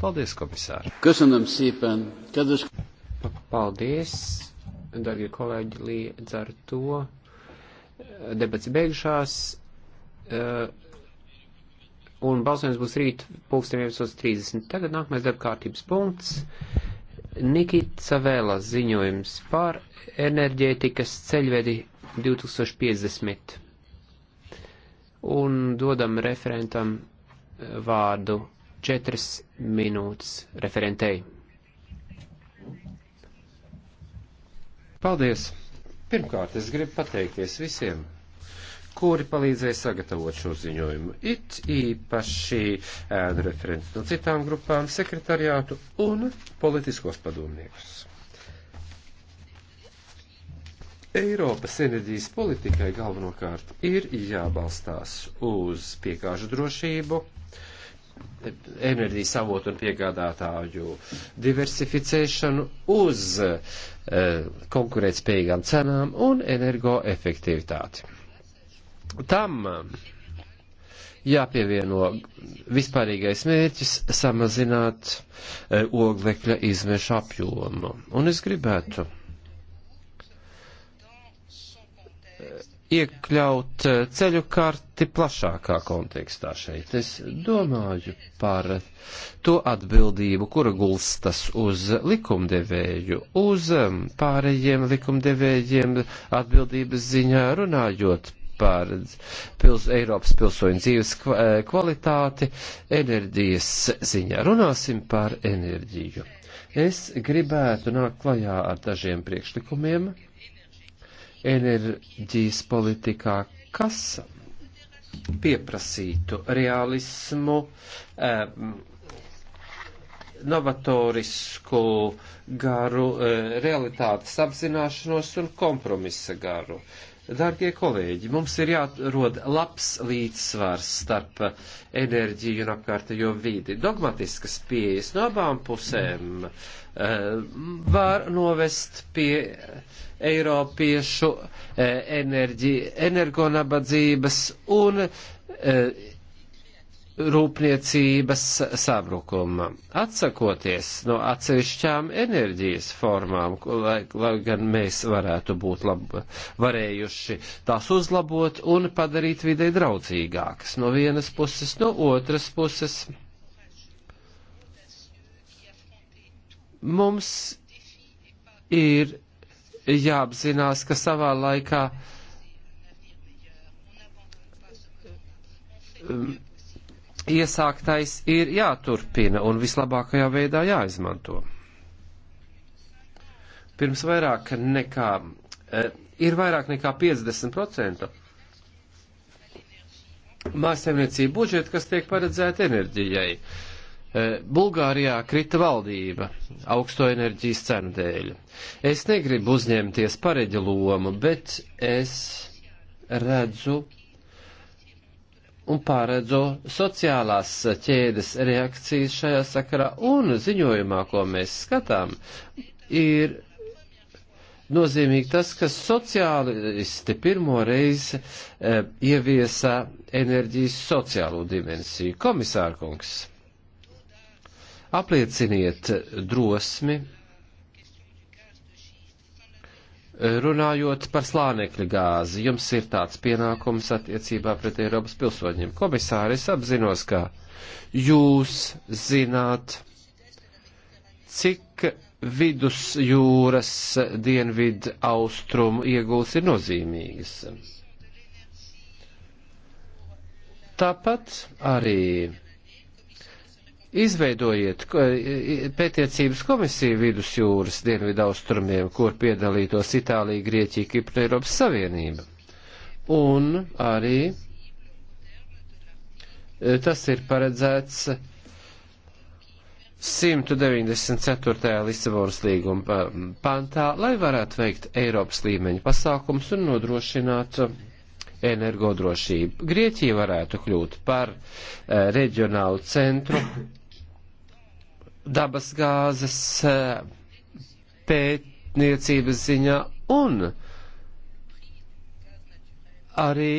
Paldies, komisār! Köszönöm szépen! Kedves... Paldies, darbie kolēģi, līdz ar to eh, debats beigšās. Eh, un balsojums būs rīt 11.30. Tagad nākamais darba kārtības punkts. Nikita Vēlas ziņojums par enerģētikas ceļvedi 2050. Un dodam referentam eh, vārdu Četras minūtes referentei. Paldies! Pirmkārt, es gribu pateikties visiem, kuri palīdzēja sagatavot šo ziņojumu. It īpaši ēnu referents no citām grupām, sekretariātu un politiskos padomniekus. Eiropas enerģijas politikai galvenokārt ir jābalstās uz piekāžu drošību, uh, enerģijas avotu un piegādātāju diversificēšanu uz e, konkurētspējīgām cenām un energoefektivitāti. Tam eh, jāpievieno vispārīgais mērķis samazināt e, oglekļa izmešu apjomu. Un es gribētu iekļaut eh, ceļu karti plašākā kontekstā šeit. Es domāju par to atbildību, kura gulstas uz likumdevēju, uz pārējiem likumdevējiem atbildības ziņā runājot par pils, Eiropas pilsoņu dzīves eh, kvalitāti enerģijas ziņā. Runāsim par enerģiju. Es gribētu nākt klajā ar dažiem priekšlikumiem, enerģijas politikā, kas pieprasītu realismu, um, novatorisku garu, eh, realitātes apzināšanos un kompromisa garu. Uh, Dārgie kolēģi, mums ir jāatrod labs līdzsvars starp enerģiju un apkārtējo vidi. Dogmatiskas pieejas no abām pusēm eh, var novest pie Eiropiešu eh, enerģi, energonabadzības un eh, rūpniecības sabrukuma. Atsakoties no atsevišķām enerģijas formām, lai, lai gan mēs varētu būt lab, varējuši tās uzlabot un padarīt videi draudzīgākas no vienas puses, no otras puses. Mums ir jāapzinās, ka savā laikā um, iesāktais ir jāturpina un vislabākajā veidā jāizmanto. Pirms vairāk nekā, eh, ir vairāk nekā 50% mājasemniecību budžeta, kas tiek paredzēta enerģijai. Eh, Bulgārijā krita valdība augsto enerģijas cenu dēļ. Es negribu uzņemties pareģi lomu, bet es redzu un pāredzo sociālās ķēdes reakcijas šajā sakarā, un ziņojumā, ko mēs skatām, ir nozīmīgi tas, ka sociālisti pirmo reizi e, ieviesa enerģijas sociālo dimensiju. Komisārkungs, aplieciniet drosmi Runājot par slānekļa gāzi, jums ir tāds pienākums attiecībā pret Eiropas pilsoņiem. Komisāri, es apzinos, ka jūs zināt, cik vidusjūras dienvidu austrumu ieguls ir nozīmīgas. Tāpat arī Izveidojiet pētniecības komisiju vidusjūras dienvidu austrumiem, kur piedalītos Itālija, Grieķija, Kipra, Eiropas Savienība. Un arī e, tas ir paredzēts 194. Lisabonas līguma pantā, lai varētu veikt Eiropas līmeņa pasākums un nodrošināt energodrošību. Grieķija varētu kļūt par e, reģionālu centru dabas gāzes eh, pētniecības ziņā un arī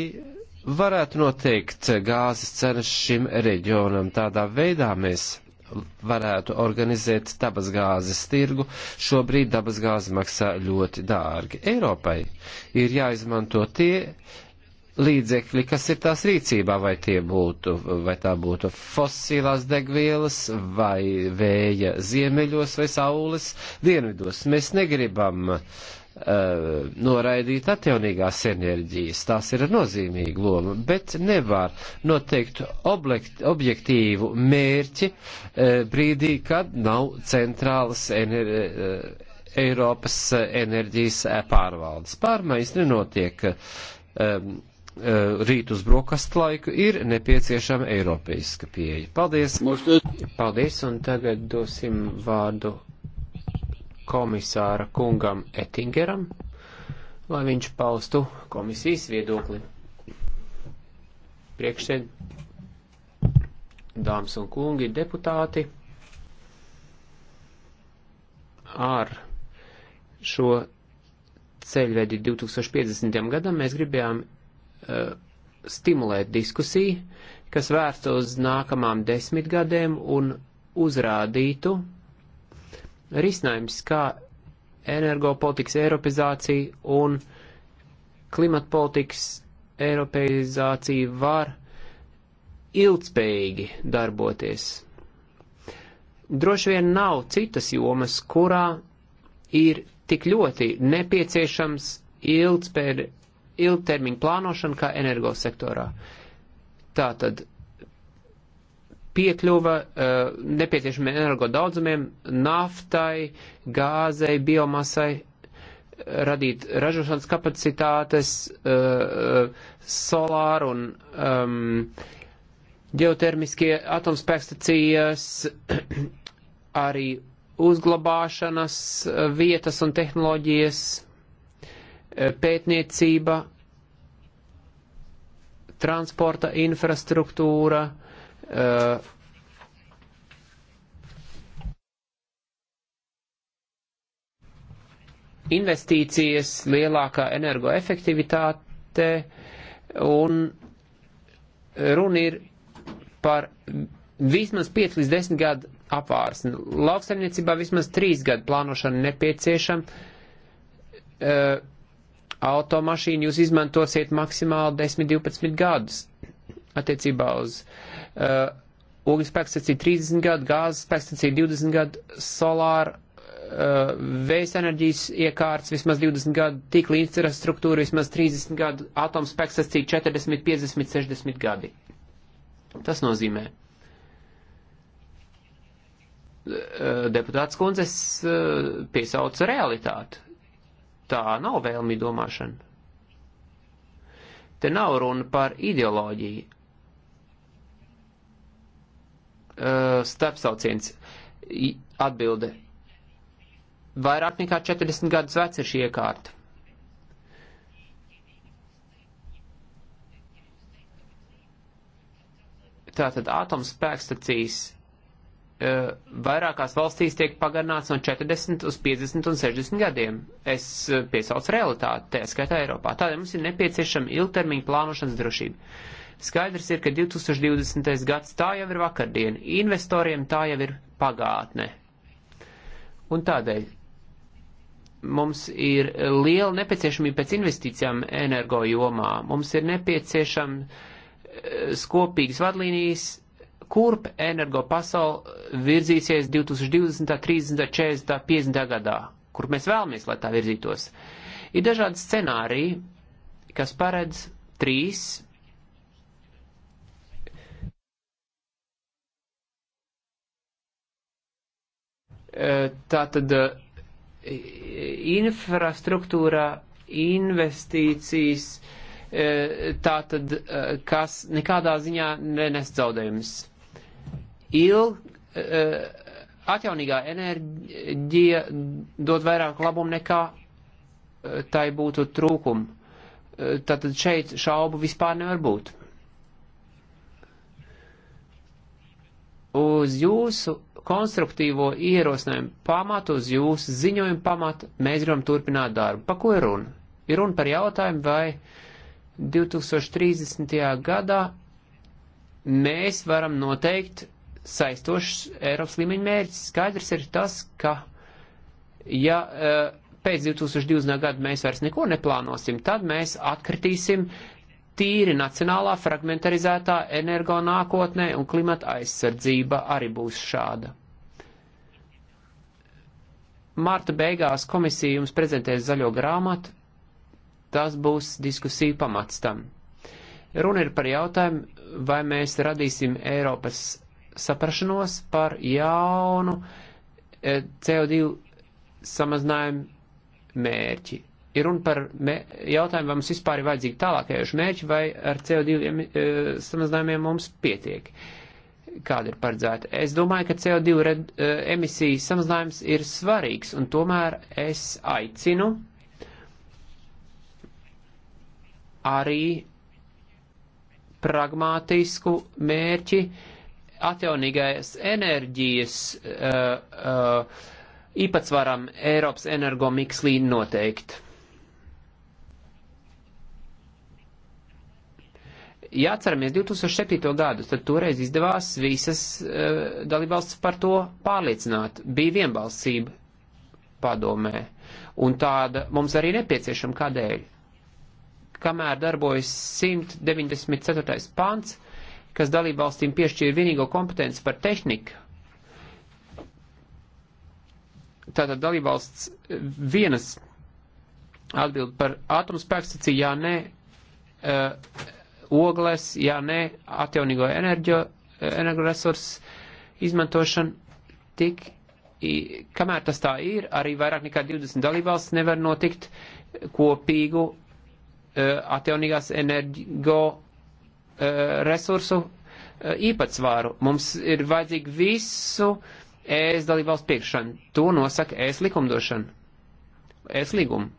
varētu noteikt gāzes cenas šim reģionam. Tādā veidā mēs varētu organizēt dabasgāzes tirgu. Šobrīd dabasgāze maksā ļoti dārgi. Eiropai ir jāizmanto tie līdzekļi, kas ir tās rīcībā, vai tie būtu, vai tā būtu fosilās degvielas, vai vēja ziemeļos, vai saules dienvidos. Mēs negribam uh, noraidīt atjaunīgās enerģijas, tās ir nozīmīga loma, bet nevar noteikt oblikt, objektīvu mērķi uh, brīdī, kad nav centrālas eh, enerģijas. Uh, Eiropas enerģijas pārvaldes pārmaiņas nenotiek um, Eh, rīt uz brokastu laiku ir nepieciešama eiropeiska pieeja. Paldies! Paldies, un tagad dosim vārdu komisāra kungam Ettingeram, lai viņš paustu komisijas viedokli. Priekšsēd, dāmas un kungi, deputāti, ar šo ceļvedi 2050. gadam mēs gribējām Uh, stimulēt diskusiju, kas vērsta uz nākamām desmitgadēm un uzrādītu risinājums, kā energopolitikas eiropizācija un klimatpolitikas eiropeizācija var ilgspējīgi darboties. Droši vien nav citas jomas, kurā ir tik ļoti nepieciešams ilgspējīgi ilgtermiņa plānošana kā energosektorā. Tātad piekļuva uh, nepieciešamiem energo daudzumiem, naftai, gāzei, biomasai, radīt ražošanas kapacitātes, uh, solāru un um, ģeotermiskie atomspēkstacijas, arī uzglabāšanas eh, vietas un tehnoloģijas, Eh, pētniecība, transporta infrastruktūra, eh, investīcijas, lielākā energoefektivitāte un runa ir par vismaz 5 līdz 10 gadu apvārsni. Lauksaimniecībā vismaz 3 gadu plānošana nepieciešama eh, automašīnu jūs izmantosiet maksimāli 10-12 gadus attiecībā uz uh, ogļu spēkstacija 30 gadu, gāzes spēkstacija 20 gadu, solāra, uh, vējas enerģijas iekārts vismaz 20 gadu, tīkla infrastruktūra vismaz 30 gadu, atomu spēkstacija 40, 50, 60 gadi. Tas nozīmē. Uh, deputāts kundzes uh, piesauca realitāti tā nav vēlmīga domāšana. Te nav runa par ideoloģiju. Uh, Starpsauciens atbilde. Vairāk nekā 40 gadus veci ir šī iekārta. Tātad atomspēkstacijas Eh, vairākās valstīs tiek pagarināts no 40 uz 50 un 60 gadiem. Es eh, piesaucu realitāti, tā skaitā Eiropā. Tādēļ mums ir nepieciešama ilgtermiņa plānošanas drošība. Skaidrs ir, ka 2020. gads tā jau ir vakardiena, investoriem tā jau ir pagātne. Un tādēļ mums ir liela nepieciešamība pēc investīcijām energo jomā. Mums ir nepieciešama eh, skopīgas vadlīnijas, kurp energo pasauli virzīsies 2020, 30, 40, 50 gadā, kur mēs vēlamies, lai tā virzītos. Ir dažādi scenāriji, kas paredz trīs. E, tātad e, infrastruktūra, investīcijas, e, tātad, kas nekādā ziņā nenes zaudējumus ilg, e, atjaunīgā enerģija dod vairāk labumu nekā e, tai būtu trūkumu. E, tātad šeit šaubu vispār nevar būt. Uz jūsu konstruktīvo ierosinājumu pamatu, uz jūsu ziņojumu pamatu mēs gribam turpināt darbu. Pa ko ir runa? Ir runa par jautājumu, vai 2030. gadā mēs varam noteikt saistošs Eiropas līmeņa mērķis. Skaidrs ir tas, ka ja eh, pēc 2020. gada mēs vairs neko neplānosim, tad mēs atkritīsim tīri nacionālā fragmentarizētā energo nākotnē un klimata aizsardzība arī būs šāda. Marta beigās komisija jums prezentēs zaļo grāmatu, tas būs diskusija pamats tam. Runa ir par jautājumu, vai mēs radīsim Eiropas saprašanos par jaunu e, CO2 samazinājumu mērķi. Ir runa par jautājumu, vai mums vispār ir vajadzīgi tālākajoši mērķi, vai ar CO2 e, samazinājumiem mums pietiek. Kāda ir paredzēta? Es domāju, ka CO2 red, e, emisiju samazinājums ir svarīgs, un tomēr es aicinu arī pragmātisku mērķi uh, atjaunīgais enerģijas uh, uh, īpatsvaram Eiropas energomikslī noteikt. Ja atceramies 2007. gadu, tad toreiz izdevās visas uh, dalībvalstis par to pārliecināt. Bija vienbalsība padomē. Un tāda mums arī nepieciešama kādēļ. Kamēr darbojas 194. pants, uh, kas dalībvalstīm piešķīra vienīgo kompetenci par tehniku. Tātad dalībvalsts vienas atbild par atomspēkstaciju, jā, nē, uh, ogles, jā, nē, atjaunīgo enerģo, energoresursu izmantošanu tik, i, kamēr tas tā ir, arī vairāk nekā 20 dalībvalsts nevar notikt kopīgu uh, atjaunīgās energo Eh, resursu eh, īpatsvāru. Mums ir vajadzīgi visu ES dalībvalstu piekšana. To nosaka ES likumdošana. ES līguma.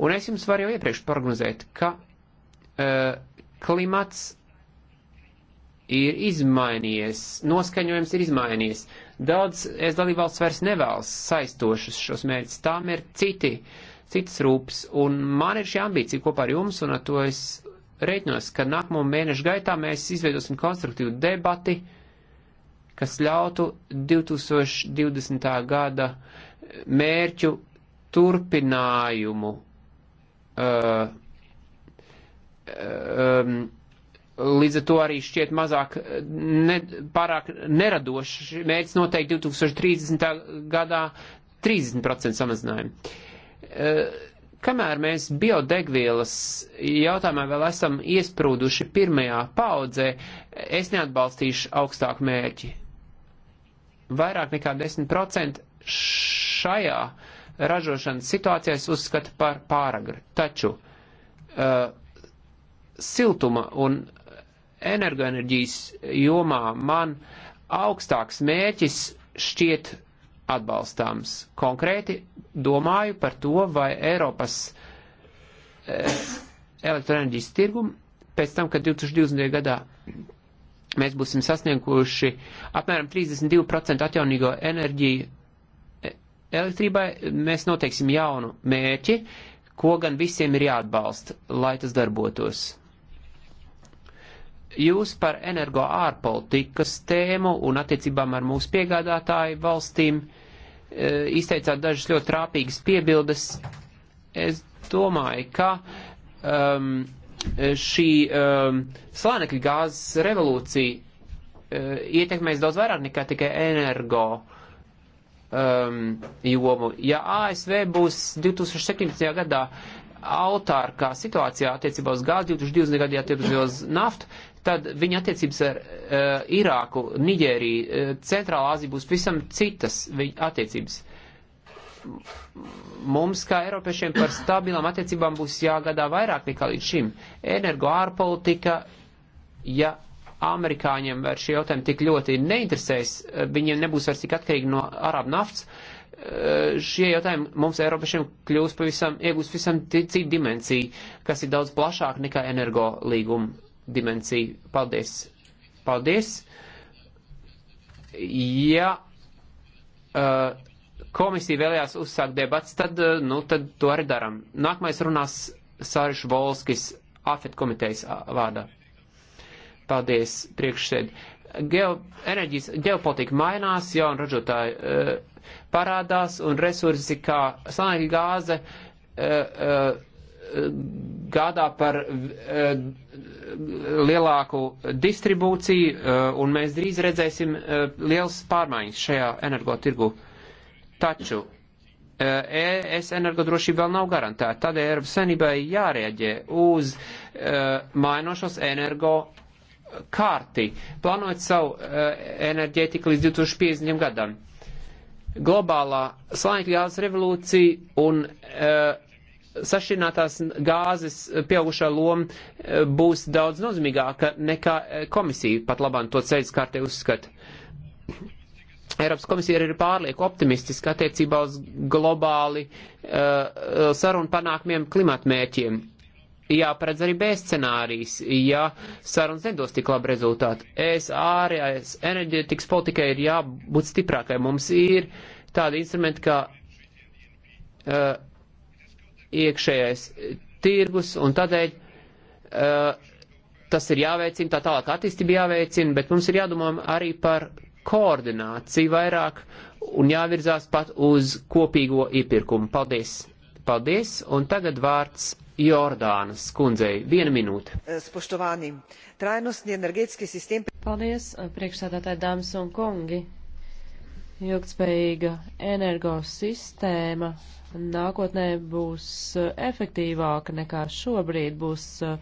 Un es jums varu jau iepriekš prognozēt, ka uh, klimats ir izmainījies, noskaņojums ir izmainījies. Daudz ES dalībvalsts vairs nevēlas saistošus šos mērķus. Tām ir citi, citas rūpes. Un man ir šī ambīcija kopā ar jums, un ar to es rēķinos, ka nākamo mēnešu gaitā mēs izveidosim konstruktīvu debati, kas ļautu 2020. gada mērķu turpinājumu uh, uh, um, līdz ar to arī šķiet mazāk ne, pārāk neradoši. Mērķis noteikti 2030. gadā 30% samazinājumu. Uh, Kamēr mēs biodegvielas jautājumā vēl esam iesprūduši pirmajā paudzē, es neatbalstīšu augstāku mērķi. Vairāk nekā 10% šajā ražošanas situācijā es uzskatu par pāragri. Taču uh, siltuma un energoenerģijas jomā man augstāks mērķis šķiet atbalstāms. Konkrēti domāju par to, vai Eiropas eh, elektroenerģijas tirgumu pēc tam, kad 2020. gadā mēs būsim sasnieguši apmēram 32% atjaunīgo enerģiju e, elektrībai, mēs noteiksim jaunu mērķi, ko gan visiem ir jāatbalsta, lai tas darbotos. Jūs par energo ārpolitikas tēmu un attiecībām ar mūsu piegādātāju valstīm e, izteicāt dažas ļoti trāpīgas piebildes. Es domāju, ka um, šī um, slānekļa gāzes revolūcija uh, ietekmēs daudz vairāk nekā tikai energo uh, um, jomu. Ja ASV būs 2017. gadā autārkā situācijā attiecībā uz gāzi, 2020. gadā attiecībā uz naftu, tad viņa attiecības ar uh, Irāku, Nigēriju, uh, Centrālā Aziju būs visam citas viņa attiecības. Mums, kā Eiropiešiem, par stabilām attiecībām būs jāgadā vairāk nekā līdz šim. Energo ārpolitika, ja amerikāņiem ar šie jautājumi tik ļoti neinteresēs, eh, viņiem nebūs vairs tik atkarīgi no arābu naftas, šie jautājumi mums Eiropiešiem kļūs pavisam, iegūs pavisam citu dimensiju, kas ir daudz plašāk nekā energo līguma dimensiju. Paldies! Paldies! Ja uh, komisija vēlējās uzsākt debats, tad, uh, nu, tad to arī daram. Nākamais runās Sāriš Volskis, AFET komitejas vārdā. Paldies, priekšsēd. Geo, enerģijas ģeopolitika mainās, jauni ražotāji uh, parādās un resursi kā sanāļa gāze. Uh, uh, gādā par eh, lielāku distribūciju, eh, un mēs drīz redzēsim eh, liels pārmaiņas šajā energotirgu. Taču ES energodrošība vēl nav garantēta, tādēļ Eiropas Savienībai jārēģē uz mainošos energo kārti, plānojot savu enerģētiku līdz 2050. gadam globālā slāņķa gāzes revolūcija un uh, sašķirinātās gāzes pieaugušā loma eh, būs daudz nozīmīgāka nekā eh, komisija pat labāk to ceļu kārtē uzskata. Eiropas komisija ir pārlieku optimistiska attiecībā uz globāli uh, sarunu panākumiem klimatmērķiem. Jāparedz arī B scenārijs, ja sarunas nedos tik labu rezultātu. Es ārējais enerģētikas politikai ir jābūt stiprākai. Mums ir tādi instrumenti kā uh, iekšējais tirgus, un tādēļ uh, tas ir jāveicina, tā tālāk attīstība jāveicina, bet mums ir jādomā arī par koordināciju vairāk un jāvirzās pat uz kopīgo iepirkumu. Paldies! Paldies! Un tagad vārds Jordānas kundzei. Viena minūte. Eh, Spoštovāni, trajnostni energetski sistēmi. Paldies, eh, priekšsādātāji dāmas un kungi! Ilgtspējīga energosistēma nākotnē būs uh, efektīvāka nekā šobrīd, būs uh,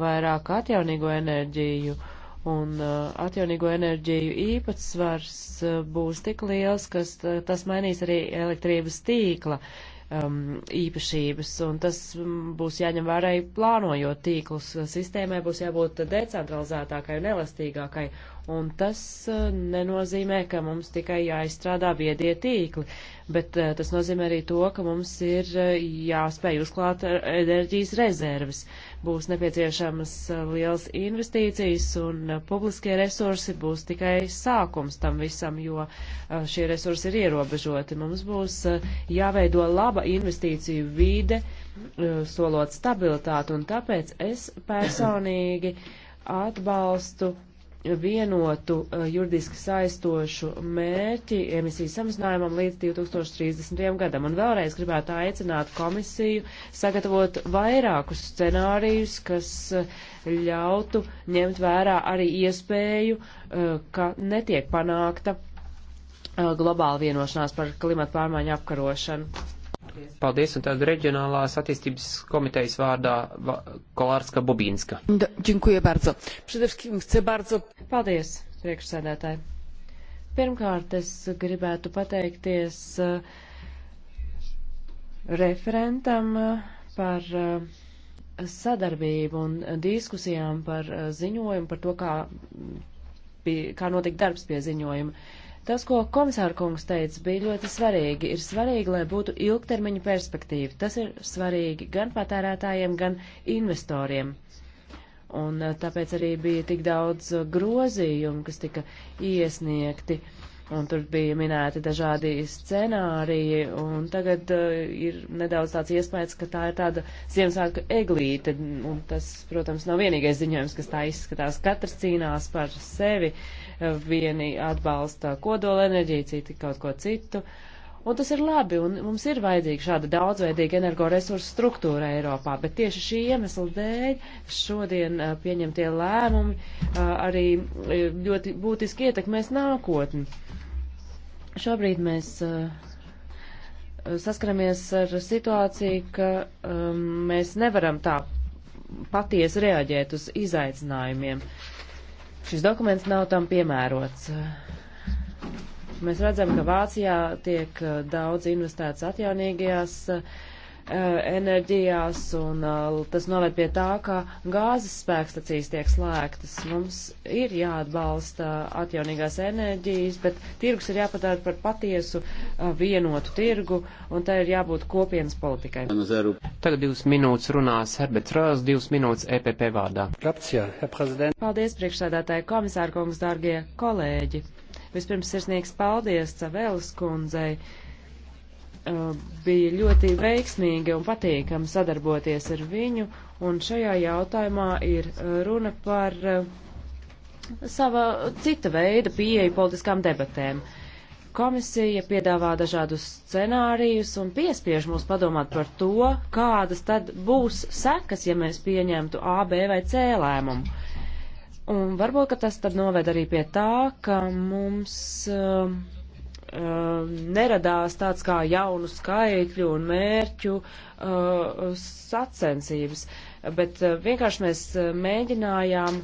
vairāk atjaunīgo enerģiju, un uh, atjaunīgo enerģiju īpatsvars būs tik liels, ka tas mainīs arī elektrības tīkla um, īpašības, un tas mm, būs jāņem vērā plānojot tīklus. Sistēmai būs jābūt decentralizētākai un elastīgākai, Un tas eh, nenozīmē, ka mums tikai jāizstrādā viedie tīkli, bet eh, tas nozīmē arī to, ka mums ir eh, jāspēj uzklāt enerģijas rezerves. Būs nepieciešamas liels investīcijas un publiskie resursi būs tikai sākums tam visam, jo šie resursi ir ierobežoti. Mums būs jāveido laba investīciju vīde, solot stabilitāti, un tāpēc es personīgi atbalstu vienotu eh, juridiski saistošu mērķi emisiju samazinājumam līdz 2030. gadam. Un vēlreiz gribētu aicināt komisiju sagatavot vairākus scenārijus, kas eh, ļautu ņemt vērā arī iespēju, eh, ka netiek panākta globāla vienošanās par klimatu pārmaiņu apkarošanu. Paldies, un tad reģionālās attīstības komitejas vārdā Kolārska Bobīnska. Dziękuję bardzo. Przede wszystkim chcę bardzo. Paldies, priekšsēdētāji. Pirmkārt, es gribētu pateikties eh, referentam eh, par eh, sadarbību un diskusijām par ziņojumu, par to, kā, bija, kā notika darbs pie ziņojuma. Tas, ko komisāra kungs teica, bija ļoti svarīgi. Ir svarīgi, lai būtu ilgtermiņa perspektīva. Tas ir svarīgi gan patērētājiem, gan investoriem. Un eh, tāpēc arī bija tik daudz eh, grozījumu, kas tika iesniegti. Un tur bija minēti dažādi scenāriji, un tagad uh, ir nedaudz tāds iespējas, ka tā ir tāda Ziemassvētku eglīte, un tas, protams, nav vienīgais ziņojums, kas tā izskatās. Katrs cīnās par sevi. Uh, vieni atbalsta kodolenerģiju, citi kaut ko citu. Un tas ir labi, un mums ir vajadzīga šāda daudzveidīga energoresursu struktūra Eiropā, bet tieši šī iemesla dēļ šodien pieņemtie lēmumi arī ļoti būtiski ietekmēs nākotni. Šobrīd mēs saskaramies ar situāciju, ka um, mēs nevaram tā patiesi reaģēt uz izaicinājumiem. Uh, Šis dokuments nav tam piemērots. Mēs redzam, ka Vācijā tiek eh, daudz investēts atjaunīgajās uh, Eh, enerģijās, un eh, tas noved pie tā, ka gāzes spēkstacijas tiek slēgtas. Mums ir jāatbalsta atjaunīgās enerģijas, bet tirgus ir jāpadara par patiesu eh, vienotu tirgu, un tā ir jābūt kopienas politikai. Tagad divas minūtes runās Herberts Rās, divas minūtes EPP vārdā. Paldies, priekšsēdētāji komisārkungs, dārgie kolēģi! Vispirms sirsnīgs paldies Cavēlas kundzei Eh, bija ļoti veiksmīgi un patīkami sadarboties ar viņu, un šajā jautājumā ir eh, runa par eh, sava cita veida pieeja politiskām debatēm. Komisija piedāvā dažādus scenārijus un piespiež mūs padomāt par to, kādas tad būs sekas, ja mēs pieņemtu A, B vai C lēmumu. Un varbūt, ka tas tad noved arī pie tā, ka mums uh, uh, neradās tāds kā jaunu skaitļu un mērķu uh, sacensības, bet uh, vienkārši mēs uh, mēģinājām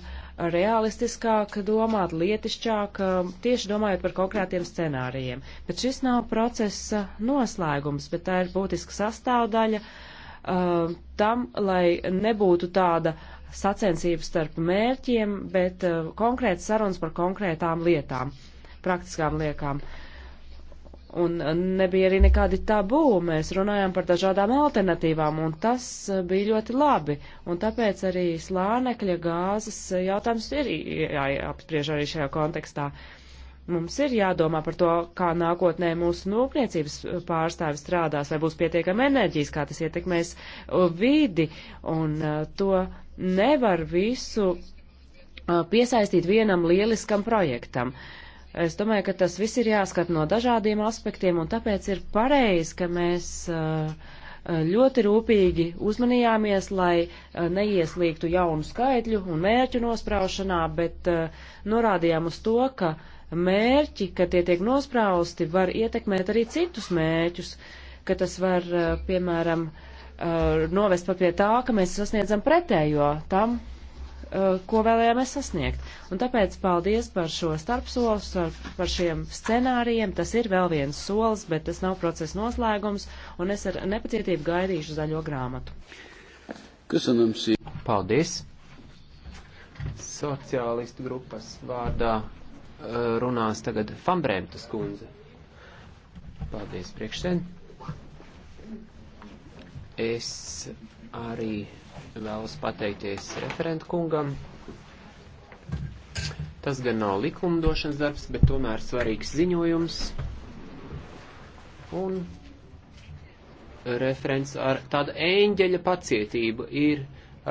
realistiskāk domāt, lietišķāk, um, tieši domājot par konkrētiem scenārijiem. Bet šis nav procesa noslēgums, bet tā ir būtiska sastāvdaļa um, tam, lai nebūtu tāda sacensības starp mērķiem, bet uh, konkrēts sarunas par konkrētām lietām, praktiskām liekām. Uh, Un nebija arī nekādi tabū, mēs runājām par dažādām alternatīvām, un tas eh, bija ļoti labi. Un tāpēc arī slānekļa gāzes eh, jautājums ir jāapspriež arī šajā kontekstā. Mums ir jādomā par to, kā nākotnē mūsu nūpniecības eh, pārstāvi strādās, vai būs pietiekama enerģijas, kā tas ietekmēs vidi, un to nevar visu piesaistīt vienam lieliskam projektam. Uh, Es domāju, ka tas viss ir jāskat no dažādiem aspektiem, un tāpēc ir pareizi, ka mēs uh, uh, ļoti rūpīgi uzmanījāmies, lai uh, neieslīgtu jaunu skaitļu un mērķu nospraušanā, bet norādījām uz to, ka mērķi, ka tie tiek nosprausti, var ietekmēt arī citus mērķus, ka tas var, piemēram, novest pat pie tā, ka mēs sasniedzam pretējo tam, Eh, ko vēlējāmies sasniegt. Un tāpēc paldies par šo starpsolus, par šiem scenārijiem. Tas ir vēl viens solis, bet tas nav procesa noslēgums, un es ar nepacietību gaidīšu zaļo grāmatu. Köszönöm szépen. Paldies. Sociālistu grupas vārdā eh, runās tagad Fambrēmtas kundze. Paldies priekšsēdētājiem. Es arī vēlas pateikties referentu kungam. Tas gan nav likumdošanas darbs, bet tomēr svarīgs ziņojums. Un referents ar tādu eņģeļa pacietību ir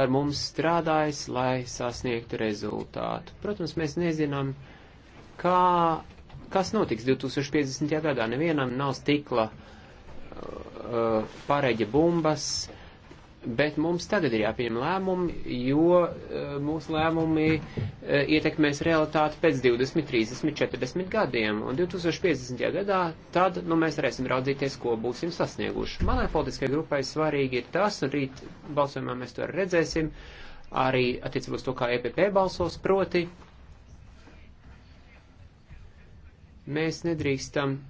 ar mums strādājis, lai sasniegtu rezultātu. Protams, mēs nezinām, kā, kas notiks 2050. gadā. Nevienam nav stikla uh, uh pareģa bumbas, uh, bet mums tagad ir jāpieņem lēmumi, jo eh, mūsu lēmumi eh, ietekmēs realitāti pēc 20, 30, 40 gadiem, un 2050. gadā tad, nu, mēs varēsim raudzīties, ko būsim sasnieguši. Manai politiskajai grupai svarīgi ir tas, un rīt balsojumā mēs to redzēsim, arī attiecībā uz to, kā EPP balsos, proti, mēs nedrīkstam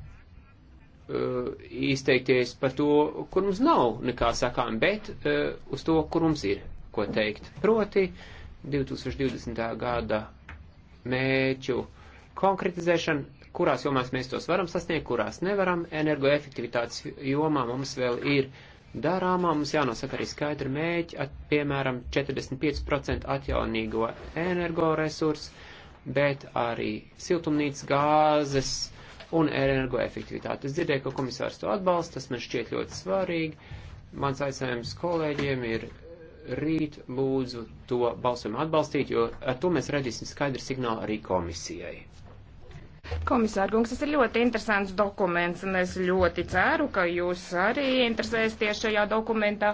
Uh, izteikties par to, kur mums nav nekā sakām, bet uh, uz to, kur mums ir ko teikt. Proti 2020. gada mēķu konkretizēšana, kurās jomās mēs tos varam sasniegt, kurās nevaram. Energoefektivitātes jomā mums vēl ir darāmā, mums jānosaka arī skaidri mēķi, at, piemēram, 45% atjaunīgo energoresursu, bet arī siltumnīcas gāzes un energoefektivitāti. Es dzirdēju, ka komisārs to atbalsta, tas man šķiet ļoti svarīgi. Mans aicinājums kolēģiem ir rīt lūdzu to balsojumu atbalstīt, jo ar to mēs redzēsim skaidru signālu arī komisijai. Komisārkungs, tas ir ļoti interesants dokuments, un es ļoti ceru, ka jūs arī interesēsties šajā dokumentā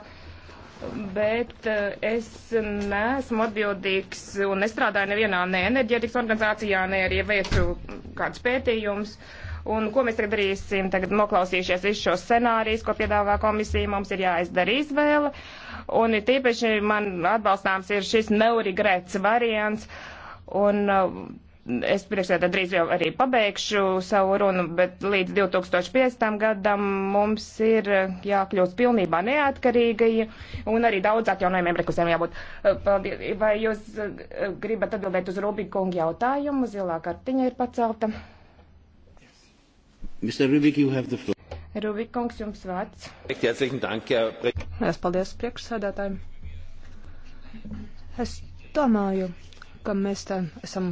bet eh, es neesmu atbildīgs un nestrādāju nevienā ne enerģētikas organizācijā, ne arī veicu kādus pētījumus. Uh, Un ko mēs tagad darīsim? Tagad noklausījušies visus šos scenārijus, ko piedāvā komisija, mums ir jāizdara izvēle. Un tīpaši man atbalstāms ir šis neurigrēts variants. Un uh, es priekšsēdā drīz jau arī pabeigšu savu runu, bet līdz 2005. gadam mums ir uh, jākļūst pilnībā neatkarīgi un arī daudz atjaunojumiem rekusiem jābūt. Uh, paldies. Vai jūs gribat atbildēt uz Rubikungu jautājumu? Zilā kartiņa ir pacelta. Mr. Rubik, you have the floor. Rubik, kungs, jums vārds. Es paldies priekšsēdētājiem. Es domāju, ka mēs tā esam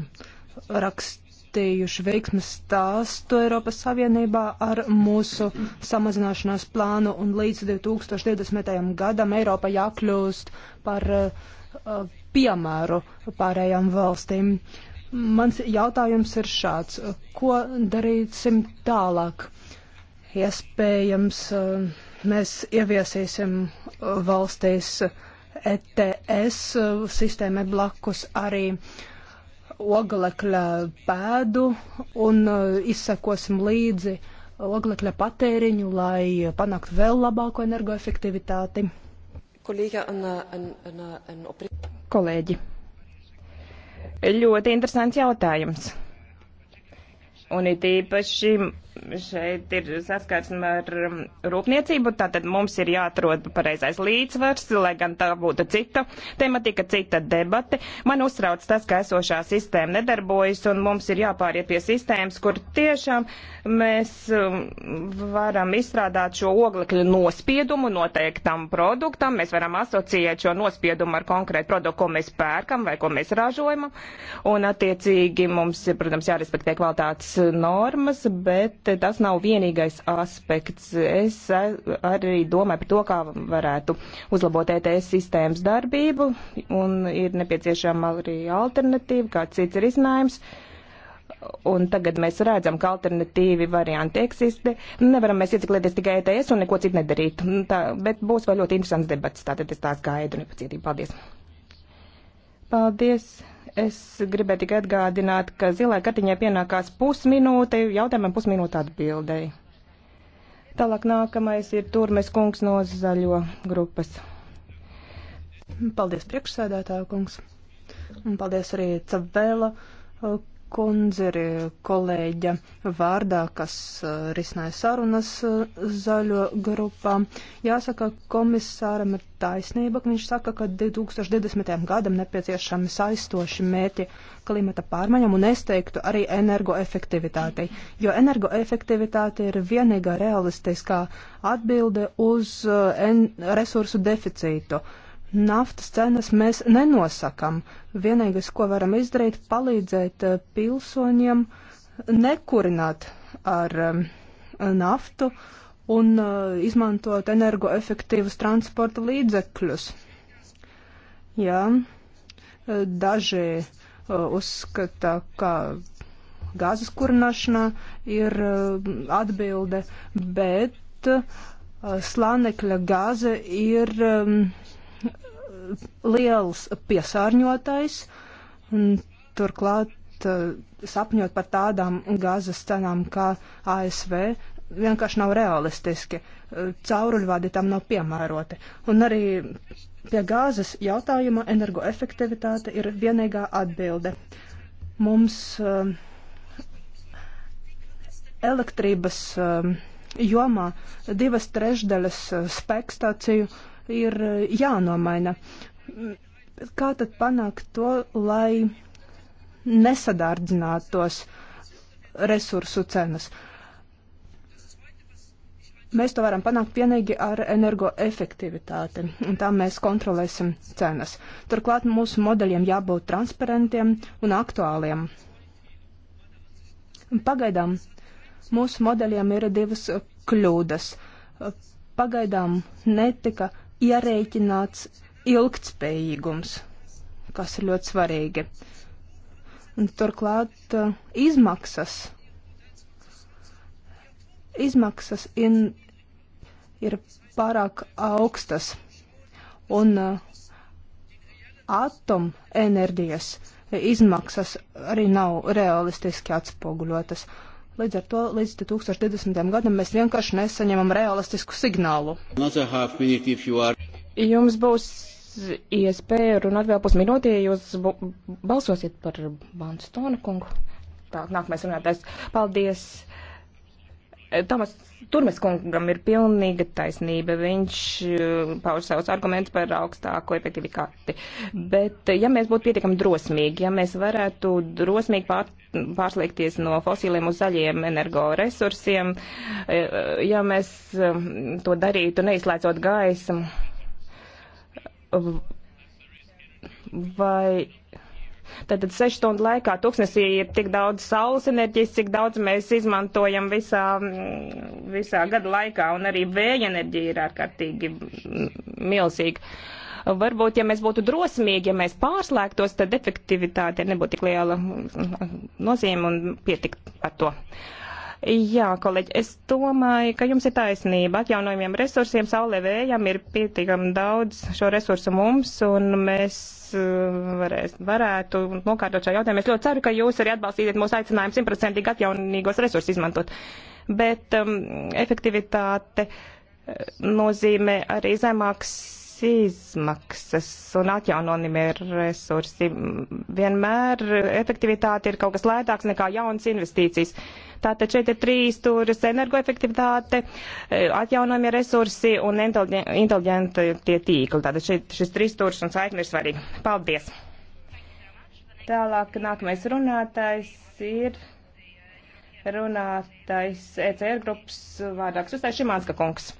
rakstījuši veiksmes stāstu Eiropas Savienībā ar mūsu samazināšanās plānu un līdz 2020. gadam Eiropa jākļūst par uh, piemēru pārējām valstīm. Uh, Mans jautājums ir šāds. Ko darīsim tālāk? Iespējams, eh, mēs ieviesīsim valstīs ETS eh, sistēmai blakus arī oglekļa pēdu un eh, izsekosim līdzi oglekļa patēriņu, lai panāktu vēl labāku energoefektivitāti. Kolēģi. Ļoti interesants jautājums. Un it īpaši šeit ir saskarsme ar um, rūpniecību, tātad mums ir jāatrod pareizais līdzsvars, lai gan tā būtu cita tematika, cita debate. Man uztrauc tas, ka esošā sistēma nedarbojas, un mums ir jāpāriet pie sistēmas, kur tiešām mēs um, varam izstrādāt šo oglekļu nospiedumu noteiktam produktam. Mēs varam asociēt šo nospiedumu ar konkrētu produktu, ko mēs pērkam vai ko mēs ražojam. Un attiecīgi mums ir, protams, jārespektē kvalitātes normas, bet tas nav vienīgais aspekts. Es arī domāju par to, kā varētu uzlabot ETS sistēmas darbību, un ir nepieciešama arī alternatīva, kāds cits ir iznājums. Un tagad mēs redzam, ka alternatīvi varianti eksistē. Nevaram mēs ieciklēties tikai ETS un neko citu nedarīt. Tā, bet būs vēl ļoti interesants debats. Tātad es tās gaidu nepacietību. Paldies! Paldies! Es gribēju tikai atgādināt, ka zilai kartiņai pienākās pusminūte jautājumam, pusminūte atbildēji. Tālāk nākamais ir Turmes kungs no zaļo grupas. Paldies priekšsēdētāju kungs. Un paldies arī Cavēla uh, Konzeri eh, kolēģa vārdā, kas eh, risināja sarunas eh, zaļo grupā. Jāsaka, komisāram ir taisnība, ka viņš saka, ka 2020. gadam nepieciešami saistoši mērķi klimata pārmaiņam un es teiktu arī energoefektivitātei, jo energoefektivitāte ir vienīgā realistiskā atbilde uz resursu deficītu. Uh, Naftas cenas mēs nenosakam. Vienīgais, ko varam izdarīt, palīdzēt eh, pilsoņiem nekurināt ar eh, naftu un eh, izmantot energoefektīvus transporta līdzekļus. Jā, daži uzskata, ka gāzes kurināšanā ir atbilde, bet slānekļa gāze ir liels piesārņotais. Turklāt sapņot par tādām gāzes cenām kā ASV vienkārši nav realistiski. Cauruļvadi tam nav piemēroti. Un arī pie gāzes jautājuma energoefektivitāte ir vienīgā atbilde. Mums elektrības jomā divas trešdaļas spēkstāciju uh, ir e, jānomaina. Kā tad panākt to, lai nesadārdzinātos resursu cenas? Mēs to varam panākt vienīgi ar energoefektivitāti, un tā mēs kontrolēsim cenas. Turklāt mūsu modeļiem jābūt transparentiem un aktuāliem. Pagaidām mūsu modeļiem ir divas kļūdas. Pagaidām netika ierēķināts ilgtspējīgums, kas ir ļoti svarīgi. Un turklāt uh, izmaksas, izmaksas in, ir pārāk augstas, un uh, atomenerģijas izmaksas arī nav realistiski atspoguļotas. Uh, Līdz ar to līdz 2020. gadam mēs vienkārši nesaņemam realistisku signālu. Jums būs iespēja runāt vēl pusminūtī, ja jūs balsosiet par Banstona kungu. Tā, nākamais runātājs. Paldies! Tomas Turmes kungam ir pilnīga taisnība. Viņš eh, pauž savus argumentus par augstāko efektivitāti. Bet, eh, ja mēs būtu pietiekami drosmīgi, ja mēs varētu drosmīgi pār, pārslēgties no fosiliem uz zaļiem energoresursiem, eh, ja mēs to darītu neizslēdzot gaismu, vai Tātad sešu stundu laikā tūkstnesī ir tik daudz saules enerģijas, cik daudz mēs izmantojam visā, mm, visā gada laikā, un arī vēja enerģija ir ārkārtīgi mm, milzīga. Varbūt, ja mēs būtu drosmīgi, ja mēs pārslēgtos, tad efektivitāte nebūtu tik liela mm, nozīme un pietikt ar to. Uh, Jā, kolēģi, es domāju, ka jums ir taisnība. Atjaunojumiem resursiem, saulē vējam ir pietiekami daudz šo resursu mums, un mēs uh, varēs, varētu nokārtot šo jautājumu. Es ļoti ceru, ka jūs arī atbalstīsiet mūsu aicinājumu simtprocentīgi atjaunīgos resursus izmantot. Bet um, efektivitāte uh, nozīmē arī zemāks izmaksas un atjaunonimie resursi. Vienmēr efektivitāte ir kaut kas lētāks nekā jaunas investīcijas. Tātad šeit ir trīs stūris - energoefektivitāte, e, atjaunojumie resursi un inteliģenti tie tīkli. Tātad šeit šis trīs stūris un saikni ir svarīgi. Paldies! Tālāk nākamais runātājs ir runātājs ECR grupas vārdā Kristē Šimanska kungs.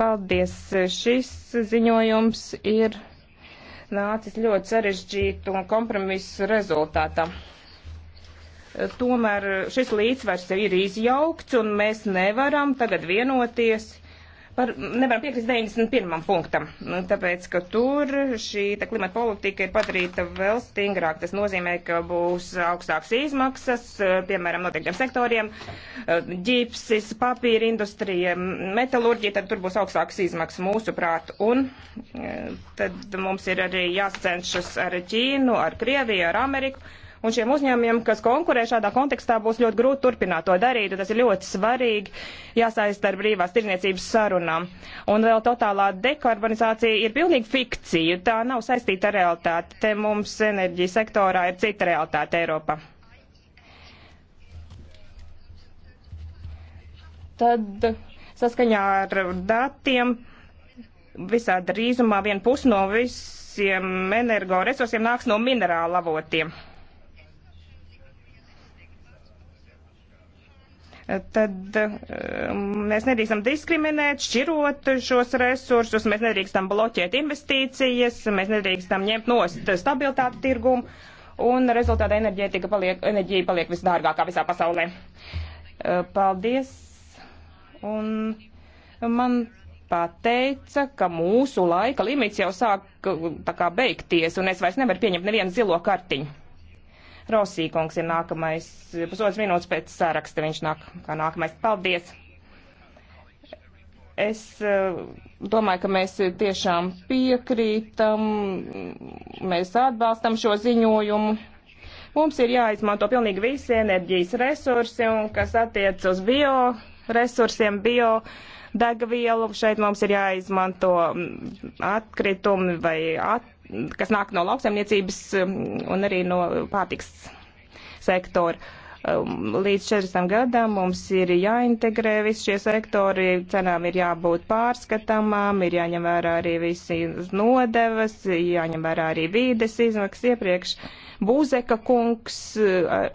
Paldies! Šis ziņojums ir nācis ļoti sarežģītu un kompromisu rezultātā. Tomēr šis līdzsvars ir izjaukts, un mēs nevaram tagad vienoties Par, nevaram piekrist 91. punktam, tāpēc, ka tur šī klimata politika ir padarīta vēl stingrāk. Tas nozīmē, ka būs augstāks izmaksas, piemēram, noteiktiem sektoriem, ģipsis, papīra industrija, metalurģija, tad tur būs augstāks izmaksas mūsuprāt. Un e, tad mums ir arī jāscenšas ar Ķīnu, ar Krieviju, ar Ameriku Un šiem uzņēmumiem, kas konkurē šādā kontekstā, būs ļoti grūti turpināt to darīt. Tas ir ļoti svarīgi jāsaist ar brīvās tirniecības sarunām. Un vēl totālā dekarbonizācija ir pilnīgi fikcija. Tā nav saistīta ar realitāti. Te mums enerģijas sektorā ir cita realitāte Eiropā. Tad saskaņā ar datiem visā drīzumā viena puse no visiem energoresursiem nāks no minerāla avotiem. tad eh, mēs nedrīkstam diskriminēt, šķirot šos resursus, mēs nedrīkstam bloķēt investīcijas, mēs nedrīkstam ņemt nost stabilitāti tirgumu, un rezultātā enerģētika paliek, enerģija paliek visdārgākā visā pasaulē. Eh, paldies, un man pateica, ka mūsu laika limits jau sāk eh, tā kā beigties, un es vairs nevaru pieņemt nevienu zilo kartiņu. Rosīkungs ir nākamais, pusotras minūtes pēc saraksta viņš nāk kā nākamais. Paldies! Es eh, domāju, ka mēs tiešām piekrītam, mēs atbalstam šo ziņojumu. Mums ir jāizmanto pilnīgi visi enerģijas resursi, un kas attiec uz bio resursiem, bio degvielu, šeit mums ir jāizmanto mm, atkritumi vai atkritumi kas nāk no lauksaimniecības um, un arī no pārtiks sektora. Um, līdz 40 gadam mums ir jāintegrē visi šie sektori, cenām ir jābūt pārskatāmām, ir jāņem vērā arī visi nodevas, jāņem vērā arī vīdes izmaksas iepriekš. Būzeka kungs uh,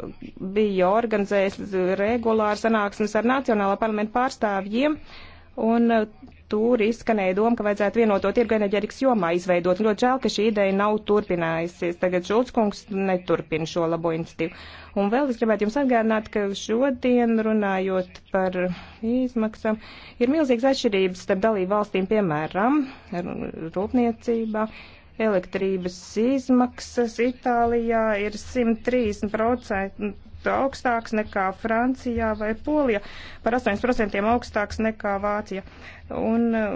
bija organizējis regulāru sanāksmes ar Nacionālā parlamenta pārstāvjiem, un uh, tur izskanēja doma, ka vajadzētu vienoto tirgu enerģētikas jomā izveidot. Ļoti žēl, ka šī ideja nav turpinājusies. Tagad Šulckungs neturpina šo labo iniciatīvu. Un vēl es gribētu jums atgādināt, ka šodien runājot par izmaksām, ir milzīgas atšķirības starp dalību valstīm, piemēram, rūpniecībā. Ar, Elektrības izmaksas Itālijā ir 130% augstāks nekā Francijā vai Polijā, par 8% augstāks nekā Vācija. Un uh,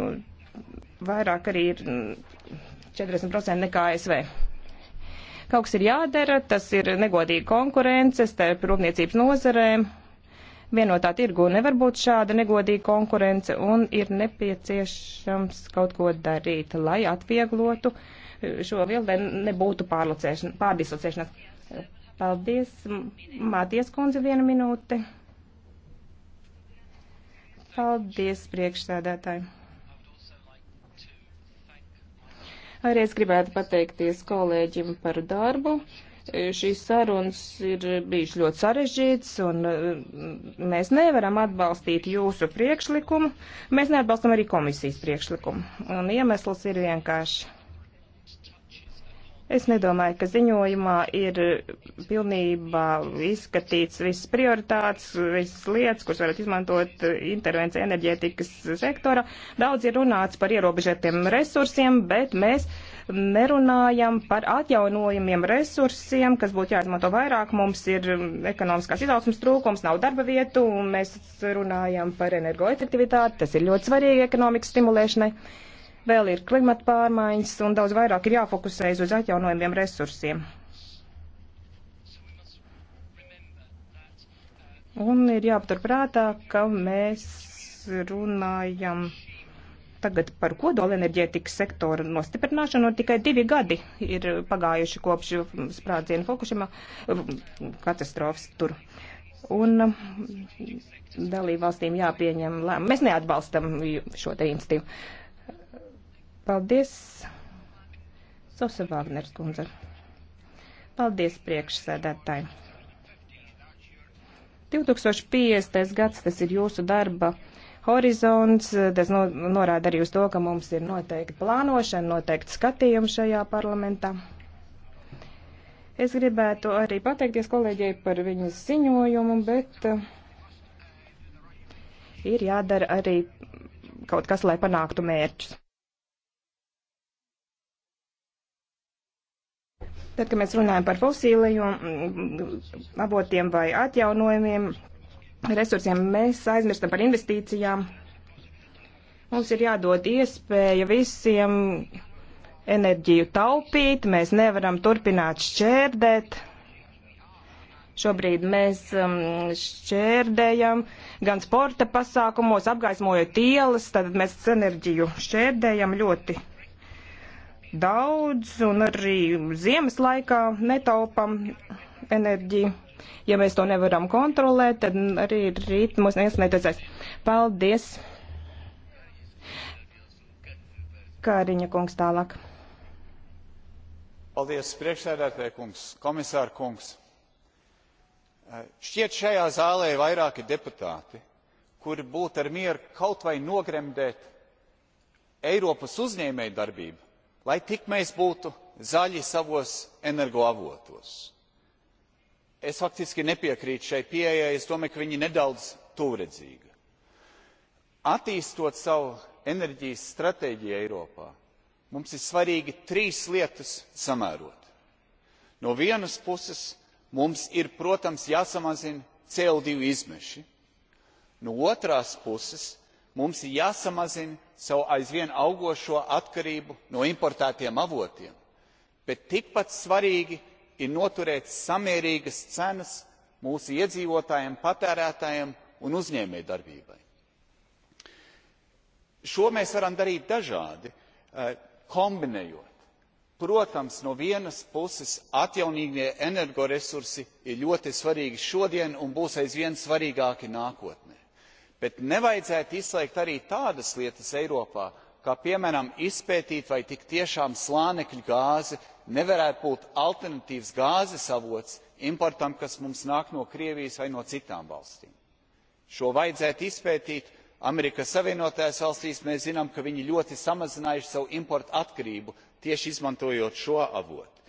vairāk arī ir 40% mm, nekā ASV. Kaut kas ir jādara, tas ir negodīga konkurence starp rūpniecības nozarēm. Vienotā tirgu nevar būt šāda negodīga konkurence un ir nepieciešams kaut ko darīt, lai atvieglotu uh, šo vielu, lai nebūtu pārdislocēšanās. Paldies, Māties kundze, viena minūte. Paldies, priekšsēdētāji. Arī es gribētu pateikties kolēģim par darbu šīs sarunas ir bijušas ļoti sarežģītas, un mm, mēs nevaram atbalstīt jūsu priekšlikumu. Mēs neatbalstam arī komisijas priekšlikumu, un iemesls ir vienkārši. Es nedomāju, ka ziņojumā ir pilnībā izskatīts viss prioritātes, visas lietas, kuras varat izmantot intervencija enerģētikas sektora. Daudz ir runāts par ierobežotiem resursiem, bet mēs nerunājam par atjaunojumiem resursiem, kas būtu jāizmanto vairāk. Mums ir ekonomiskās izaugsmas trūkums, nav darba vietu, un mēs runājam par energoefektivitāti. Tas ir ļoti svarīgi ekonomikas stimulēšanai vēl ir klimata pārmaiņas un daudz vairāk ir jāfokusējas uz atjaunojumiem resursiem. Un ir jāpaturprātā, ka mēs runājam tagad par kodolenerģētikas sektoru nostiprināšanu, un tikai divi gadi ir pagājuši kopš sprādzienu Fukushima katastrofas tur. Un dalībvalstīm jāpieņem lēmumu. Mēs neatbalstam šo te institīvu. Paldies, Sosa Vāgners kundze. Paldies priekšsēdētāji. 2050. gads, tas ir jūsu darba horizonts, tas no, norāda arī uz to, ka mums ir noteikti plānošana, noteikti skatījumi šajā parlamentā. Es gribētu arī pateikties kolēģei par viņas ziņojumu, bet uh, ir jādara arī kaut kas, lai panāktu mērķus. Tad, kad mēs runājam par fosīlajiem mm, avotiem vai atjaunojumiem resursiem, mēs aizmirstam par investīcijām. Mums ir jādod iespēja visiem enerģiju taupīt, mēs nevaram turpināt šķērdēt. Šobrīd mēs um, šķērdējam gan sporta pasākumos, apgaismojot ielas, tad mēs enerģiju šķērdējam ļoti daudz, un arī ziemas laikā netaupam enerģiju. Ja mēs to nevaram kontrolēt, tad arī rīt mums neviens neticēs. Paldies! Kāriņa kungs tālāk. Paldies, priekšsēdētāji kungs, komisāra kungs. Šķiet šajā zālē vairāki deputāti, kuri būtu ar mieru kaut vai nogremdēt Eiropas uzņēmēju darbību, lai tik mēs būtu zaļi savos energoavotos. Es faktiski nepiekrītu šai pieejai, es domāju, ka viņi nedaudz tūredzīga. Attīstot savu enerģijas stratēģiju Eiropā, mums ir svarīgi trīs lietas samērot. No vienas puses mums ir, protams, jāsamazina CO2 izmeši, no otras puses mums ir jāsamazina savu aizvien augošo atkarību no importētiem avotiem bet tikpat svarīgi ir noturēt samērīgas cenas mūsu iedzīvotājiem patērētājiem un uzņēmējdarbībai. šo mēs varam darīt dažādi eh, kombinējot. protams no vienas puses atjaunīgie energoresursi ir ļoti svarīgi šodien un būs aizvien svarīgāki nākotnē bet nevajadzētu izslēgt arī tādas lietas eiropā kā piemēram izpētīt vai tik tiešām slānekļa gāze nevarētu būt alternatīvs gāzes avots importam kas mums nāk no krievijas vai no citām valstīm. šo vajadzētu izpētīt amerikas savienotajās valstīs mēs zinām ka viņi ļoti samazinājuši savu importu atkarību tieši izmantojot šo avotu.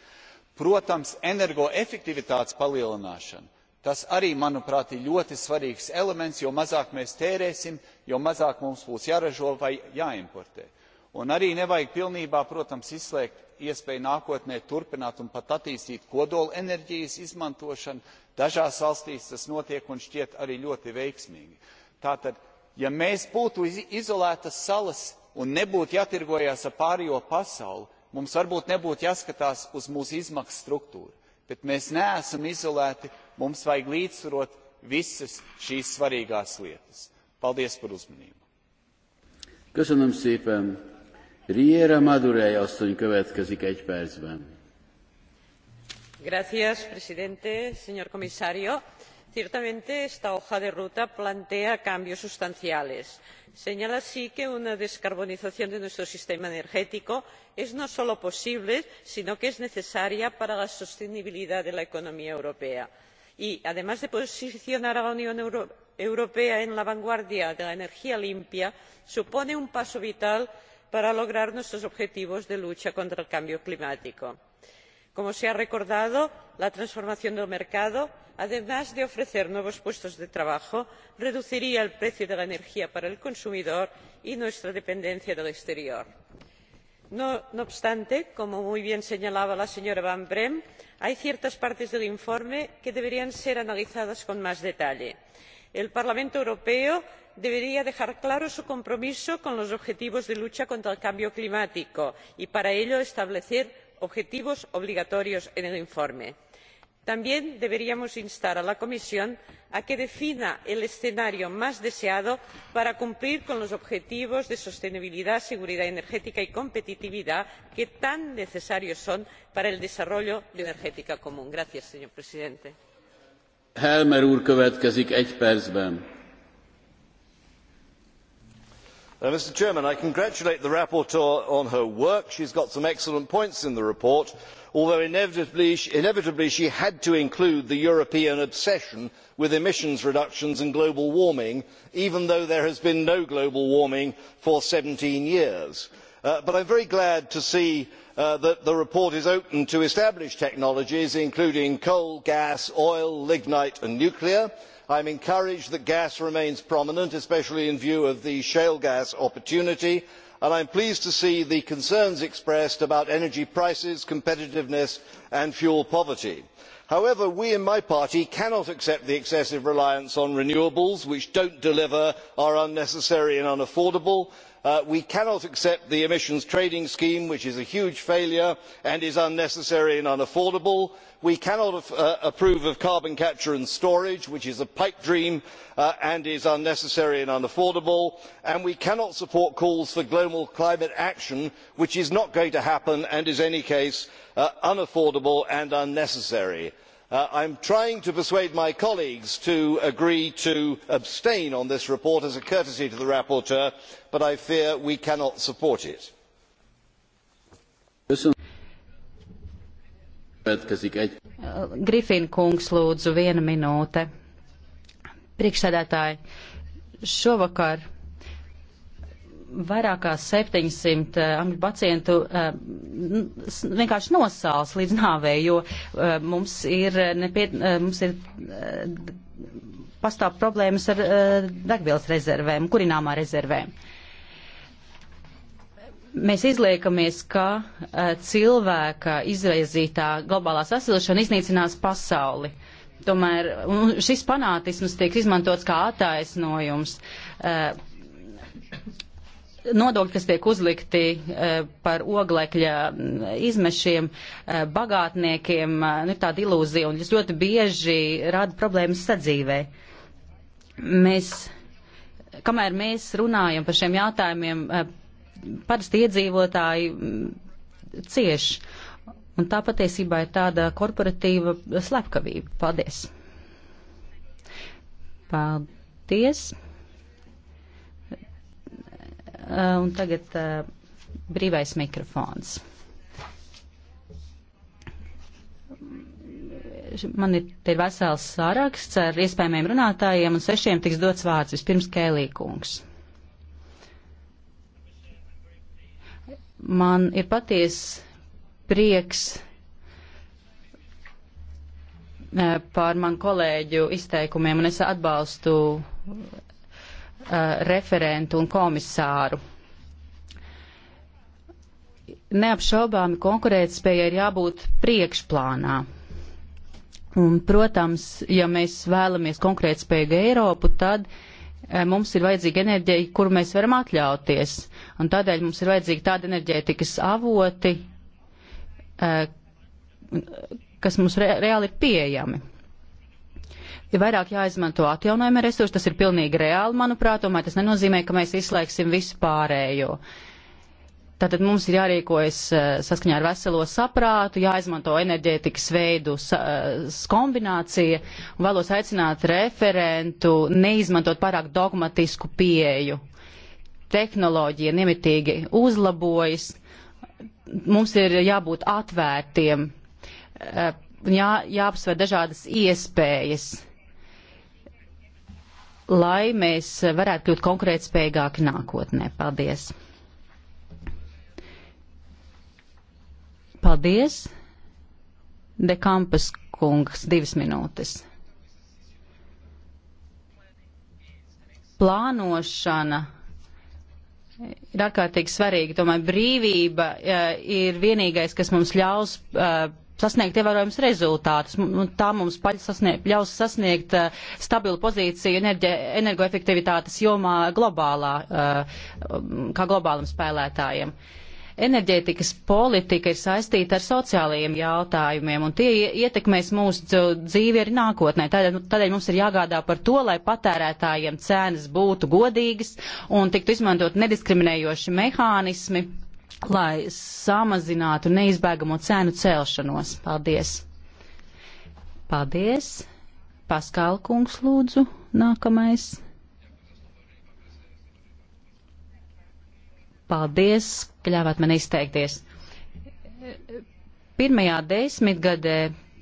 protams energoefektivitātes palielināšana tas arī manuprāt ir ļoti svarīgs elements jo mazāk mēs tērēsim jo mazāk mums būs jāražo vai jāimportē. un arī nevajag pilnībā protams izslēgt iespēju nākotnē turpināt un pat attīstīt kodolenerģijas izmantošanu dažās valstīs tas notiek un šķiet arī ļoti veiksmīgi. tātad ja mēs būtu izolētas salas un nebūtu jātirgojas ar pārējo pasauli mums varbūt nebūtu jāskatās uz mūsu izmaksu struktūru bet mēs neesam izolēti mums vajag līdzsvarot visas šīs svarīgās lietas. Paldies par uzmanību! Köszönöm szépen! Riera Madurai asszony következik egy percben. Gracias, presidente, señor comisario. Ciertamente, esta hoja de ruta plantea cambios sustanciales. Señala así que una descarbonización de nuestro sistema energético es no solo posible, sino que es necesaria para la sostenibilidad de la economía europea y además de posicionar a la unión europea en la vanguardia de la energía limpia supone un paso vital para lograr nuestros objetivos de lucha contra el cambio climático. como se ha recordado la transformación del mercado además de ofrecer nuevos puestos de trabajo reduciría el precio de la energía para el consumidor y nuestra dependencia del exterior no, no obstante como muy bien señalaba la señora van brempt hay ciertas partes del informe que deberían ser analizadas con más detalle. el parlamento europeo debería dejar claro su compromiso con los objetivos de lucha contra el cambio climático y para ello establecer objetivos obligatorios en el informe también deberíamos instar a la comisión a que defina el escenario más deseado para cumplir con los objetivos de sostenibilidad seguridad energética y competitividad que tan necesarios son para el desarrollo de una energética común. gracias señor presidente. Uh, mr president i congratulate the rapporteur on her work. she has got some excellent points in the report although inevitably she had to include the european obsession with emissions reductions and global warming even though there has been no global warming for seventeen years. Uh, but i am very glad to see uh, that the report is open to established technologies including coal gas oil lignite and nuclear. i am encouraged that gas remains prominent especially in view of the shale gas opportunity and i am pleased to see the concerns expressed about energy prices competitiveness and fuel poverty. however we in my party cannot accept the excessive reliance on renewables which do not deliver are unnecessary and unaffordable; Uh, we cannot accept the emissions trading scheme which is a huge failure and is unnecessary and unaffordable. we cannot uh, approve of carbon capture and storage which is a pipe dream uh, and is unnecessary and unaffordable and we cannot support calls for global climate action which is not going to happen and is in any case unaffordable and unnecessary. Uh, i am trying to persuade my colleagues to agree to abstain on this report as a courtesy to the rapporteur but i fear we cannot support it. Grifin kungs lūdzu viena minūte. Priekšsēdētāji, šovakar vairāk kā 700 eh, angļu pacientu eh, vienkārši nosāls līdz nāvē, jo eh, mums ir, nepiet, mums ir pastāv problēmas ar degvielas rezervēm, kurināmā rezervēm. Mēs izliekamies, ka cilvēka izraizītā globālā sasilšana iznīcinās pasauli. Tomēr šis panātisms tiek izmantots kā attaisnojums Nodokļi, kas tiek uzlikti e, par oglekļa izmešiem e, bagātniekiem, e, nu, ir tāda ilūzija un ļoti bieži rada problēmas sadzīvē. Mēs, kamēr mēs runājam par šiem jautājumiem, parasti iedzīvotāji cieš. Un tā patiesībā ir tāda korporatīva slepkavība. Paldies! Paldies! Uh, un tagad uh, brīvais mikrofons. Man ir, ir vesels sāraksts ar iespējamiem runātājiem, un sešiem tiks dots vārds vispirms Kēlīkungs. Man ir paties prieks uh, par man kolēģu izteikumiem, un es atbalstu Uh, referentu un komisāru. Neapšaubāmi konkurētspēja ir jābūt priekšplānā. Un, protams, ja mēs vēlamies konkurētspējīgu Eiropu, tad uh, mums ir vajadzīga enerģija, kuru mēs varam atļauties. Un tādēļ mums ir vajadzīgi tādi enerģētikas avoti, uh, kas mums re reāli ir pieejami ir ja vairāk jāizmanto atjaunojuma resursi, tas ir pilnīgi reāli, manuprāt, tomēr tas nenozīmē, ka mēs izslēgsim visu pārējo. Tātad mums ir jārīkojas eh, saskaņā ar veselo saprātu, jāizmanto enerģētikas veidu eh, kombinācija un vēlos aicināt referentu neizmantot pārāk dogmatisku pieeju. Tehnoloģija nemitīgi uzlabojas, mums ir jābūt atvērtiem, eh, jā, jāapsver dažādas iespējas lai mēs varētu kļūt konkurētspējīgāki nākotnē. Paldies! Paldies! De Kampas kungs, divas minūtes. Plānošana ir ārkārtīgi svarīga. Tomēr brīvība uh, ir vienīgais, kas mums ļaus uh, sasniegt ievērojams rezultātus. Un tā mums sasniegt, ļaus sasniegt uh, stabilu pozīciju enerģe, energoefektivitātes jomā globālā, uh, kā globālam spēlētājiem. Enerģētikas politika ir saistīta ar sociālajiem jautājumiem, un tie ietekmēs mūsu dzīvi arī nākotnē. Tādēļ, nu, tādēļ mums ir jāgādā par to, lai patērētājiem cenas būtu godīgas un tiktu izmantot nediskriminējoši mehānismi, uh, lai samazinātu neizbēgamo cēnu celšanos. Paldies! Paldies! Paskāla kungs lūdzu nākamais. Paldies, ka ļāvāt man izteikties. Pirmajā desmitgadē,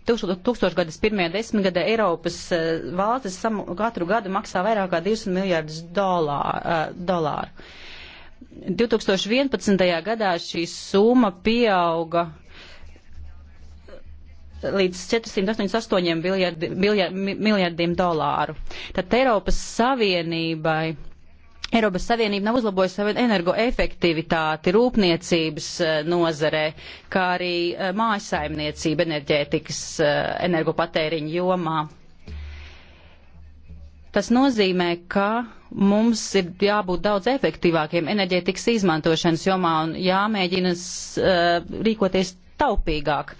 tūkstošgades pirmajā desmitgadē Eiropas eh, valstis katru gadu maksā vairāk kā 200 miljārdus eh, dolāru. dolāru 2011. gadā šī summa pieauga līdz 488 miljardi, miljardi, miljardiem dolāru. Tad Eiropas Savienībai. Eiropas Savienība nav uzlabojusi savu energoefektivitāti rūpniecības eh, nozarē, kā arī eh, mājasaimniecība enerģētikas eh, energopatēriņa jomā. Tas nozīmē, ka mums ir jābūt daudz efektīvākiem enerģētikas izmantošanas jomā un jāmēģina uh, rīkoties taupīgāk.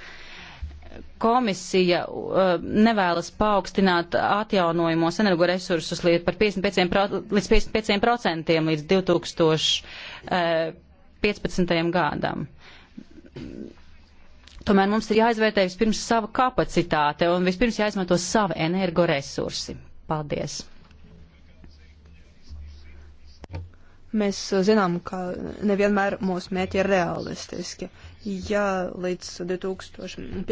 Komisija uh, nevēlas paaugstināt atjaunojumos energoresursus līdz, par 55%, līdz 55% līdz 2015. Eh, gadam. Tomēr mums ir jāizvērtē vispirms sava kapacitāte un vispirms jāizmanto savi energoresursi. Paldies! Mēs zinām, ka nevienmēr mūsu mērķi ir realistiski. Ja līdz 2050.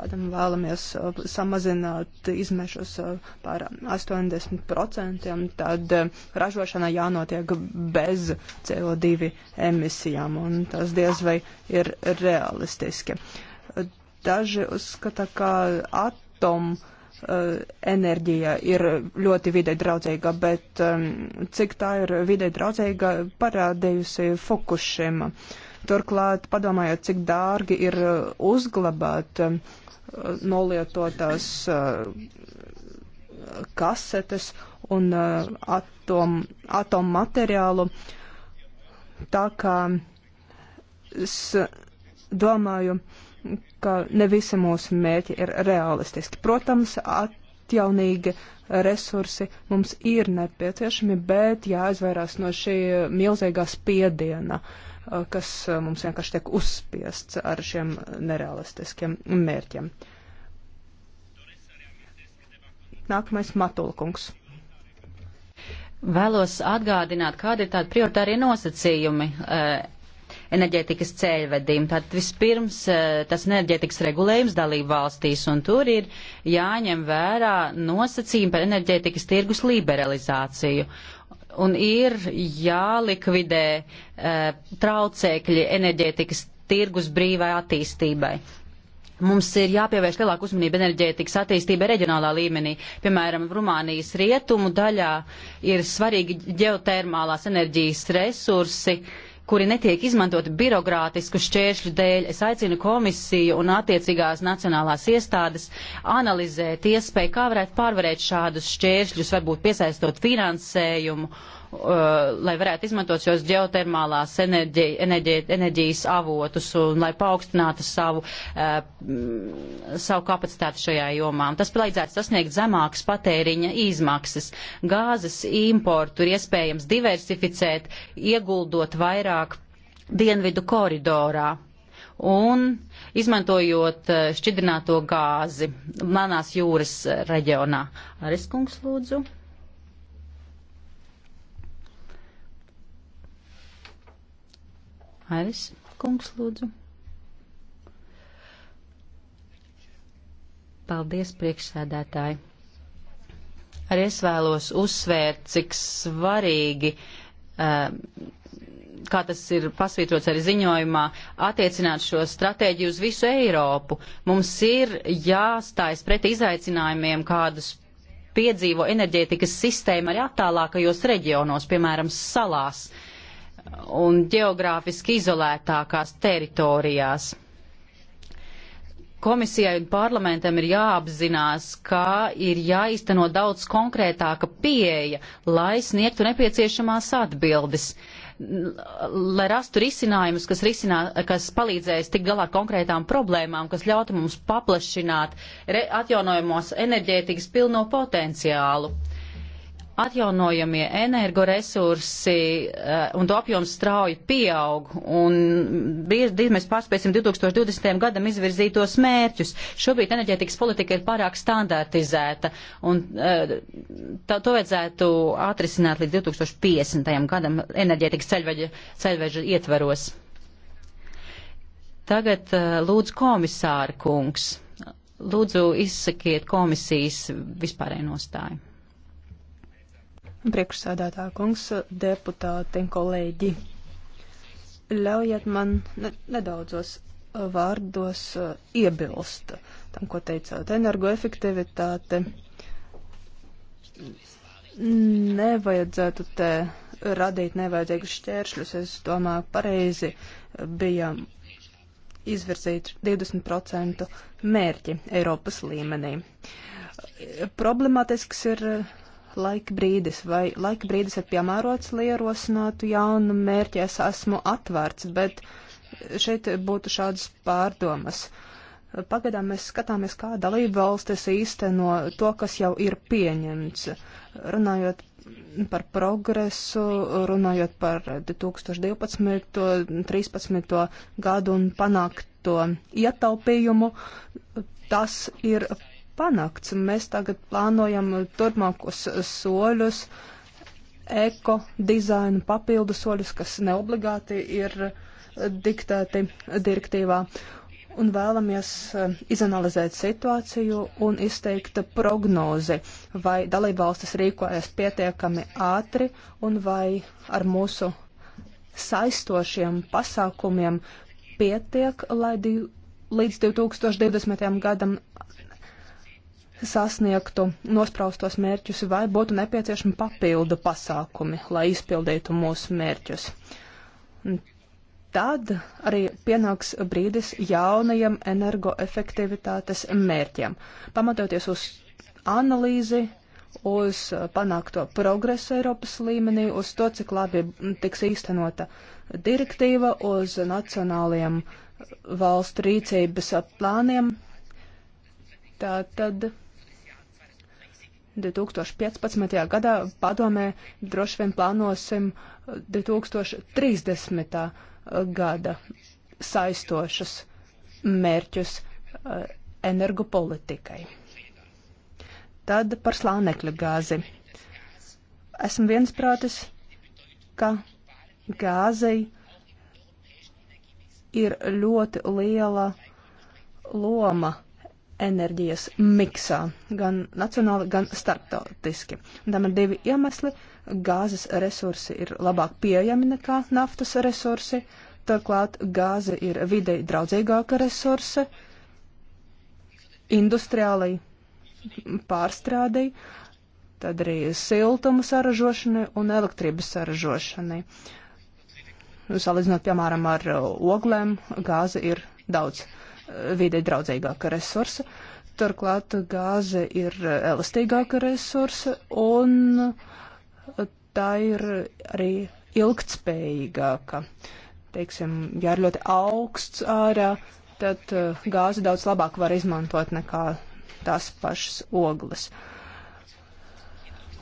gadam vēlamies uh, samazināt izmešus uh, par 80%, tad uh, ražošana jānotiek bez CO2 emisijām, un tas diez vai ir realistiski. Daži uzskata, ka atomu Eh, enerģija ir ļoti vidē draudzīga, bet cik tā ir vidē draudzīga, parādījusi Fukushima. Turklāt, padomājot, cik dārgi ir eh, uzglabāt nolietotās eh, kasetes un atom, atom materiālu, tā kā es domāju, uh, ka ne visi mūsu mērķi ir realistiski. Protams, atjaunīgi resursi mums ir nepieciešami, bet jāizvairās no šī milzīgā spiediena, eh, kas eh, mums vienkārši tiek uzspiests ar šiem nerealistiskiem mērķiem. Nākamais Matulkungs. Vēlos atgādināt, kāda ir tāda prioritārie nosacījumi eh, enerģētikas ceļvedīm. Tātad vispirms eh, tas enerģētikas regulējums dalību valstīs, un tur ir jāņem vērā nosacījumi par enerģētikas tirgus liberalizāciju. Un ir jālikvidē eh, traucēkļi enerģētikas tirgus brīvai attīstībai. Mums ir jāpievērš lielāka uzmanība enerģētikas attīstībai reģionālā līmenī. Piemēram, Rumānijas rietumu daļā ir svarīgi ģeotermālās enerģijas resursi, uh, kuri netiek izmantoti birokrātisku šķēršļu dēļ. Es aicinu komisiju un attiecīgās nacionālās iestādes analizēt iespēju, kā varētu pārvarēt šādus šķēršļus, varbūt piesaistot finansējumu. Uh, Uh, lai varētu izmantot šos ģeotermālās enerģi, enerģi, enerģijas avotus un lai paaugstinātu savu, uh, savu kapacitāti šajā jomā. Tas palīdzētu sasniegt zemākas patēriņa izmaksas. Gāzes importu ir iespējams diversificēt, ieguldot vairāk dienvidu koridorā un izmantojot uh, šķidrināto gāzi Melnās jūras reģionā. Ariskungs, lūdzu. Airis kungs, lūdzu. Paldies, priekšsēdētāji. Arī es vēlos uzsvērt, cik svarīgi, um, kā tas ir pasvītrots arī ziņojumā, attiecināt šo stratēģiju uz visu Eiropu. Mums ir jāstājas pret izaicinājumiem, kādus piedzīvo enerģētikas sistēma arī attālākajos reģionos, piemēram, salās. Uh, un geogrāfiski izolētākās teritorijās. Komisijai un parlamentam ir jāapzinās, ka ir jāizteno daudz konkrētāka pieeja, lai sniegtu nepieciešamās atbildes, lai rastu risinājumus, kas, risinā, kas palīdzēs tik galā konkrētām problēmām, kas ļautu mums paplašināt atjaunojamos enerģētikas pilno potenciālu. Uh, atjaunojamie energoresursi uh, un to apjoms strauji pieaug. Un drīz mēs pārspēsim 2020. gadam izvirzītos mērķus. Šobrīd enerģētikas politika ir pārāk standartizēta un uh, eh, tā, to vajadzētu atrisināt līdz 2050. gadam enerģētikas ceļveža, ceļveža ietvaros. Tagad uh, lūdzu komisāra kungs. Lūdzu, izsakiet komisijas vispārēju nostāju. Priekšsēdētā kungs, deputāti un kolēģi, ļaujiet man ne, nedaudzos uh, vārdos uh, iebilst tam, ko teicāt. Energoefektivitāte nevajadzētu te radīt nevajadzīgus šķēršļus. Es domāju, pareizi bija izvirzīt 20% mērķi Eiropas līmenī. Problemātisks ir laika brīdis, vai laika brīdis ir piemērots, lai ierosinātu jaunu mērķi, es esmu atvērts, bet šeit būtu šādas pārdomas. Pagaidām mēs skatāmies, kā dalība valstis īsteno to, kas jau ir pieņemts. Runājot par progresu, runājot par 2012. 13. gadu un panākto ietaupījumu, tas ir panākts. Mēs tagad plānojam turpmākos soļus, eko dizainu papildu soļus, kas neobligāti ir diktēti direktīvā. Un vēlamies e, izanalizēt situāciju un izteikt prognozi, vai dalībvalstis rīkojas pietiekami ātri un vai ar mūsu saistošiem pasākumiem pietiek, lai div, līdz 2020. gadam sasniegtu nospraustos mērķus, vai būtu nepieciešami papildu pasākumi, lai izpildītu mūsu mērķus. Tad arī pienāks brīdis jaunajam energoefektivitātes mērķiem, pamatoties uz analīzi, uz panākto progresu Eiropas līmenī, uz to, cik labi tiks īstenota direktīva, uz nacionāliem valstu rīcības plāniem. Tā tad 2015. gadā padomē droši vien plānosim 2030. Uh, uh, gada saistošus mērķus uh, energopolitikai. Tad par slānekļa gāzi. Esam viensprātis, ka gāzei ir ļoti liela loma enerģijas miksā, gan nacionāli, gan starptautiski. Tam ir divi iemesli. Gāzes resursi ir labāk pieejami nekā naftas resursi, turklāt gāze ir videi draudzīgāka resurse industriālai pārstrādei, tad arī siltumu saražošanai un elektrības saražošanai. Salīdzinot, piemēram, ar oglēm, gāze ir daudz vidē draudzīgāka resursa. Turklāt gāze ir elastīgāka resursa un tā ir arī ilgtspējīgāka. Teiksim, ja ir ļoti augsts ārā, tad uh, gāzi daudz labāk var izmantot nekā tās pašas ogles.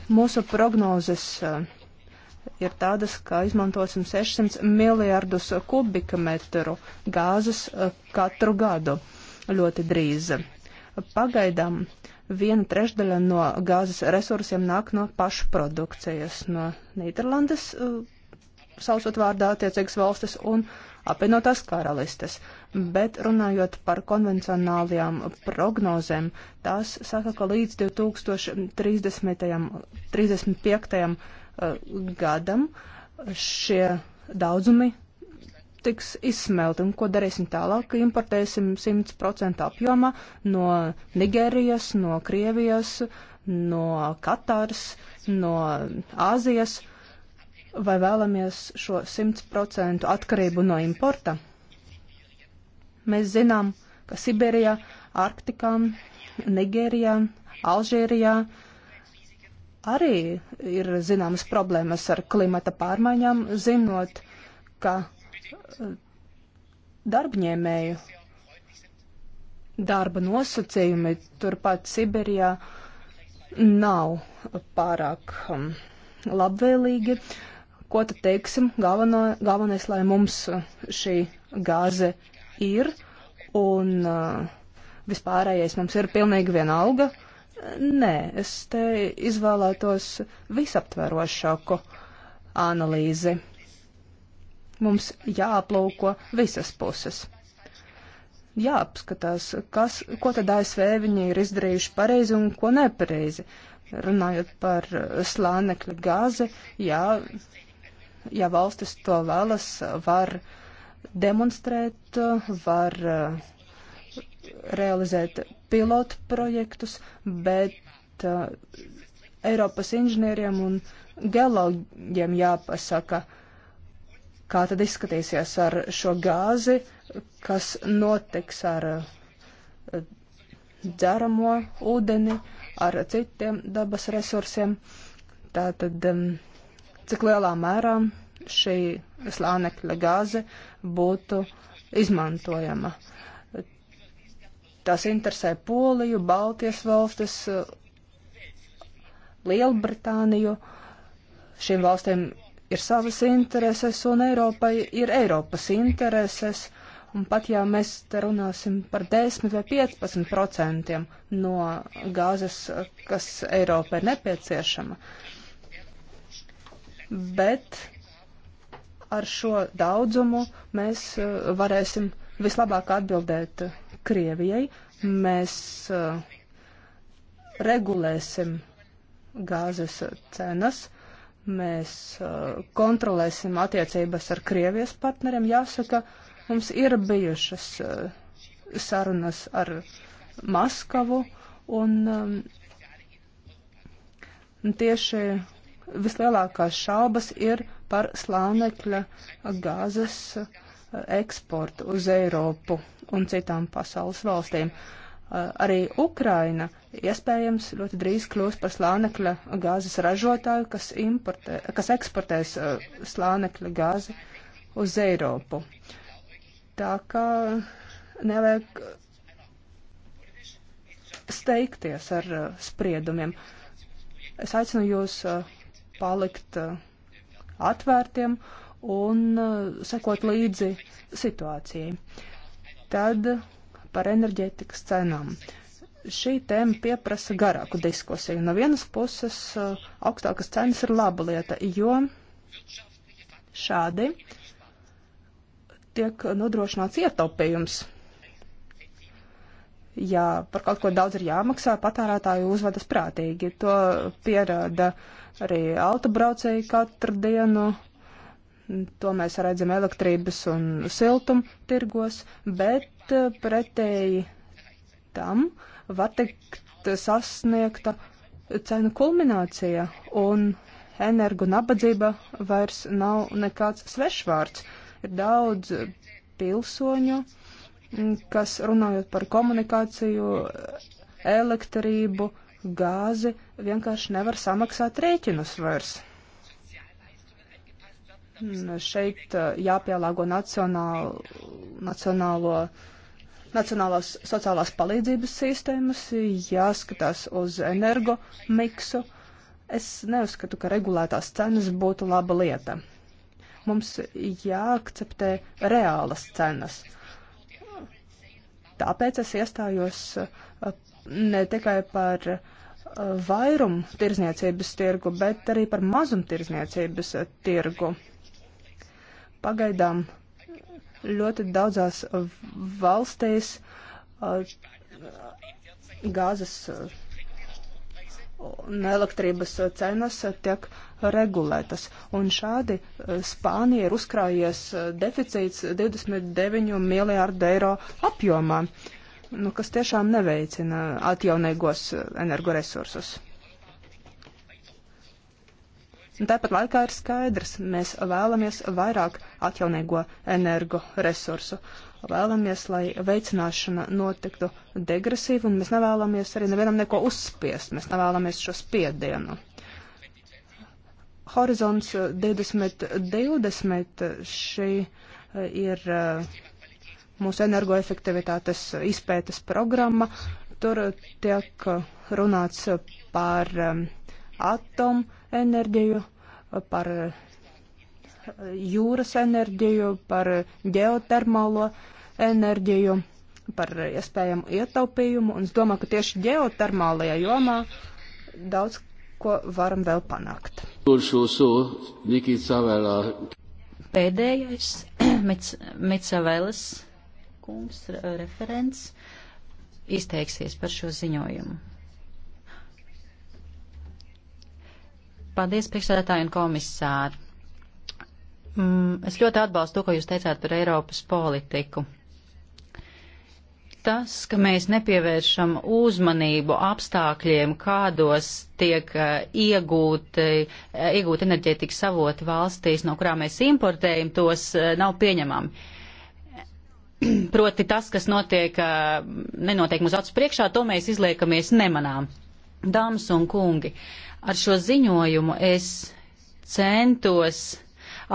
Mūsu prognozes uh, ir tādas, ka izmantosim 600 miljardus kubika metru gāzes e, katru gadu ļoti drīz. Pagaidām viena trešdaļa no gāzes resursiem nāk no pašu produkcijas, no Nīderlandes, e, saucot vārdā attiecīgas valstis un apvienotās karalistes. Bet runājot par konvencionālajām prognozēm, tās saka, ka līdz 2035. Uh, gadam šie daudzumi tiks izsmelti. Un ko darīsim tālāk? Importēsim 100% apjomā no Nigērijas, no Krievijas, no Katāras, no Āzijas. Vai vēlamies šo 100% atkarību no importa? Mēs zinām, ka Siberijā, Arktikā, Nigērijā, Alžērijā, uh, arī ir zināmas problēmas ar klimata pārmaiņām, zinot, ka uh, darbņēmēju darba nosacījumi turpat Siberijā nav pārāk um, labvēlīgi. Ko tad teiksim? Galveno, galvenais, lai mums uh, šī gāze ir un uh, vispārējais mums ir pilnīgi vienalga. Uh, Nē, es te izvēlētos visaptverošāku analīzi. Mums jāaplūko visas puses. Jāapskatās, kas, ko tad ASV viņi ir izdarījuši pareizi un ko nepareizi. Runājot par slānekļa gāzi, jā, ja valstis to vēlas, var demonstrēt, var uh, realizēt pilotu projektus, bet uh, Eiropas inženieriem un geologiem jāpasaka, kā tad izskatīsies ar šo gāzi, kas notiks ar uh, dzeramo ūdeni, ar citiem dabas resursiem. Tātad, um, cik lielā mērā šī slānekļa gāze būtu izmantojama. Uh, Tās interesē Poliju, Baltijas valstis, Lielbritāniju. Šīm valstīm ir savas intereses un Eiropai ir Eiropas intereses. Un pat ja mēs te runāsim par 10 vai 15 procentiem no gāzes, kas Eiropai ir nepieciešama, bet ar šo daudzumu mēs eh, varēsim vislabāk atbildēt Krievijai. Mēs uh, regulēsim gāzes cenas, mēs uh, kontrolēsim attiecības ar Krievijas partneriem. Jāsaka, mums ir bijušas uh, sarunas ar Maskavu un um, tieši vislielākās šaubas ir par slānekļa gāzes uh, eksportu uz Eiropu un citām pasaules valstīm. Arī Ukraina iespējams ļoti drīz kļūs par slānekļa gāzes ražotāju, kas, importē, kas eksportēs slānekļa gāzi uz Eiropu. Tā kā nevajag steigties ar spriedumiem. Es aicinu jūs palikt atvērtiem. Uh, un eh, sekot līdzi situācijai. Tad par enerģētikas cenām. Šī tēma pieprasa garāku diskusiju. No vienas puses eh, augstākas cenas ir laba lieta, jo šādi tiek nodrošināts ietaupījums. Ja par kaut ko daudz ir jāmaksā, patērētāji uzvedas prātīgi. To pierāda arī autobraucēji katru dienu. To mēs redzam elektrības un siltum tirgos, bet eh, pretēji tam var teikt sasniegta cenu kulminācija un energu nabadzība vairs nav nekāds svešvārds. Ir daudz pilsoņu, kas runājot par komunikāciju, elektrību, gāzi, vienkārši nevar samaksāt rēķinus vairs. Mm, šeit uh, jāpielāgo nacionālo, nacionālo, nacionālās sociālās palīdzības sistēmas, jāskatās uz energo miksu. Es neuzskatu, ka regulētās cenas būtu laba lieta. Mums jāakceptē reālas cenas. Tāpēc es iestājos uh, ne tikai par uh, vairumu tirzniecības tirgu, bet arī par mazumu tirzniecības tirgu. Pagaidām ļoti daudzās valstīs uh, gāzes uh, un elektrības cenas tiek regulētas. Un šādi uh, Spānija ir uzkrājies deficīts 29 miljārdu eiro apjomā, nu, kas tiešām neveicina atjaunīgos energoresursus. Tāpat laikā ir skaidrs, mēs vēlamies vairāk atjaunīgo energoresursu. Vēlamies, lai veicināšana notiktu degresīvi, un mēs nevēlamies arī nevienam neko uzspiest. Mēs nevēlamies šo spiedienu. Horizons 2020 šī ir eh, mūsu energoefektivitātes izpētes programma. Tur tiek runāts par eh, atomu enerģiju, par eh, jūras enerģiju, par ģeotermālo enerģiju, par iespējamu ietaupījumu. Un es domāju, ka tieši ģeotermālajā jomā daudz ko varam vēl panākt. Pēdējais Mitsavēlas kungs referents izteiksies par šo ziņojumu. Paldies, priekšsēdētāji un komisāri. Mm, es ļoti atbalstu to, ko jūs teicāt par Eiropas politiku. Tas, ka mēs nepievēršam uzmanību apstākļiem, kādos tiek eh, iegūti, eh, iegūti enerģētikas avoti valstīs, no kurām mēs importējam, tos eh, nav pieņemami. Proti tas, kas notiek, nenotiek mūsu acu priekšā, to mēs izliekamies nemanām. Dāmas un kungi, ar šo ziņojumu es centos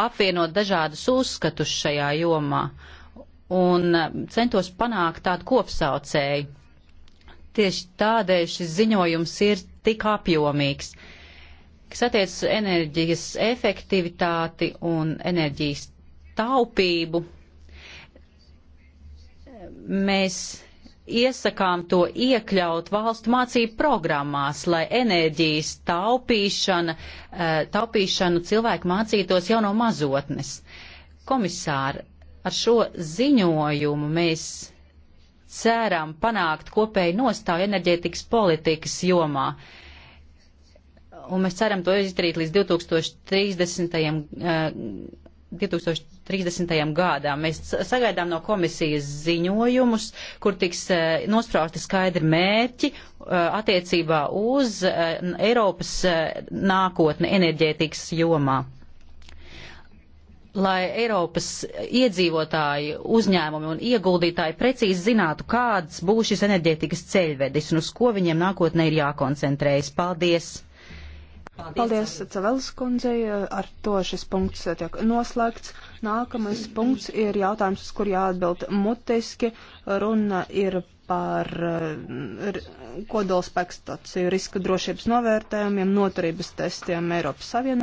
apvienot dažādus uzskatus šajā jomā un centos panākt tādu kopsaucēju. Tieši tādēļ šis ziņojums ir tik apjomīgs, kas attiecas uz enerģijas efektivitāti un enerģijas taupību. Mēs iesakām to iekļaut valstu mācību programmās, lai enerģijas taupīšana, eh, taupīšanu cilvēki mācītos jau no mazotnes. Komisāri, ar šo ziņojumu mēs ceram panākt kopēju nostāju enerģētikas politikas jomā. Un mēs ceram to izdarīt līdz 2030. gadam eh, 2030. gadām. Mēs sagaidām no komisijas ziņojumus, kur tiks e, nosprausti skaidri mērķi e, attiecībā uz e, Eiropas nākotni enerģētikas jomā lai Eiropas iedzīvotāji, uzņēmumi un ieguldītāji precīzi zinātu, kāds būs šis enerģētikas ceļvedis un uz ko viņiem nākotnē ir jākoncentrējas. Paldies! Paldies, Paldies Cevēlas kundzei. Ar to šis punkts tiek noslēgts. Nākamais punkts ir jautājums, uz kur jāatbild mutiski. Runa ir par kodolspēkstaciju riska drošības novērtējumiem, noturības testiem Eiropas Savienībā.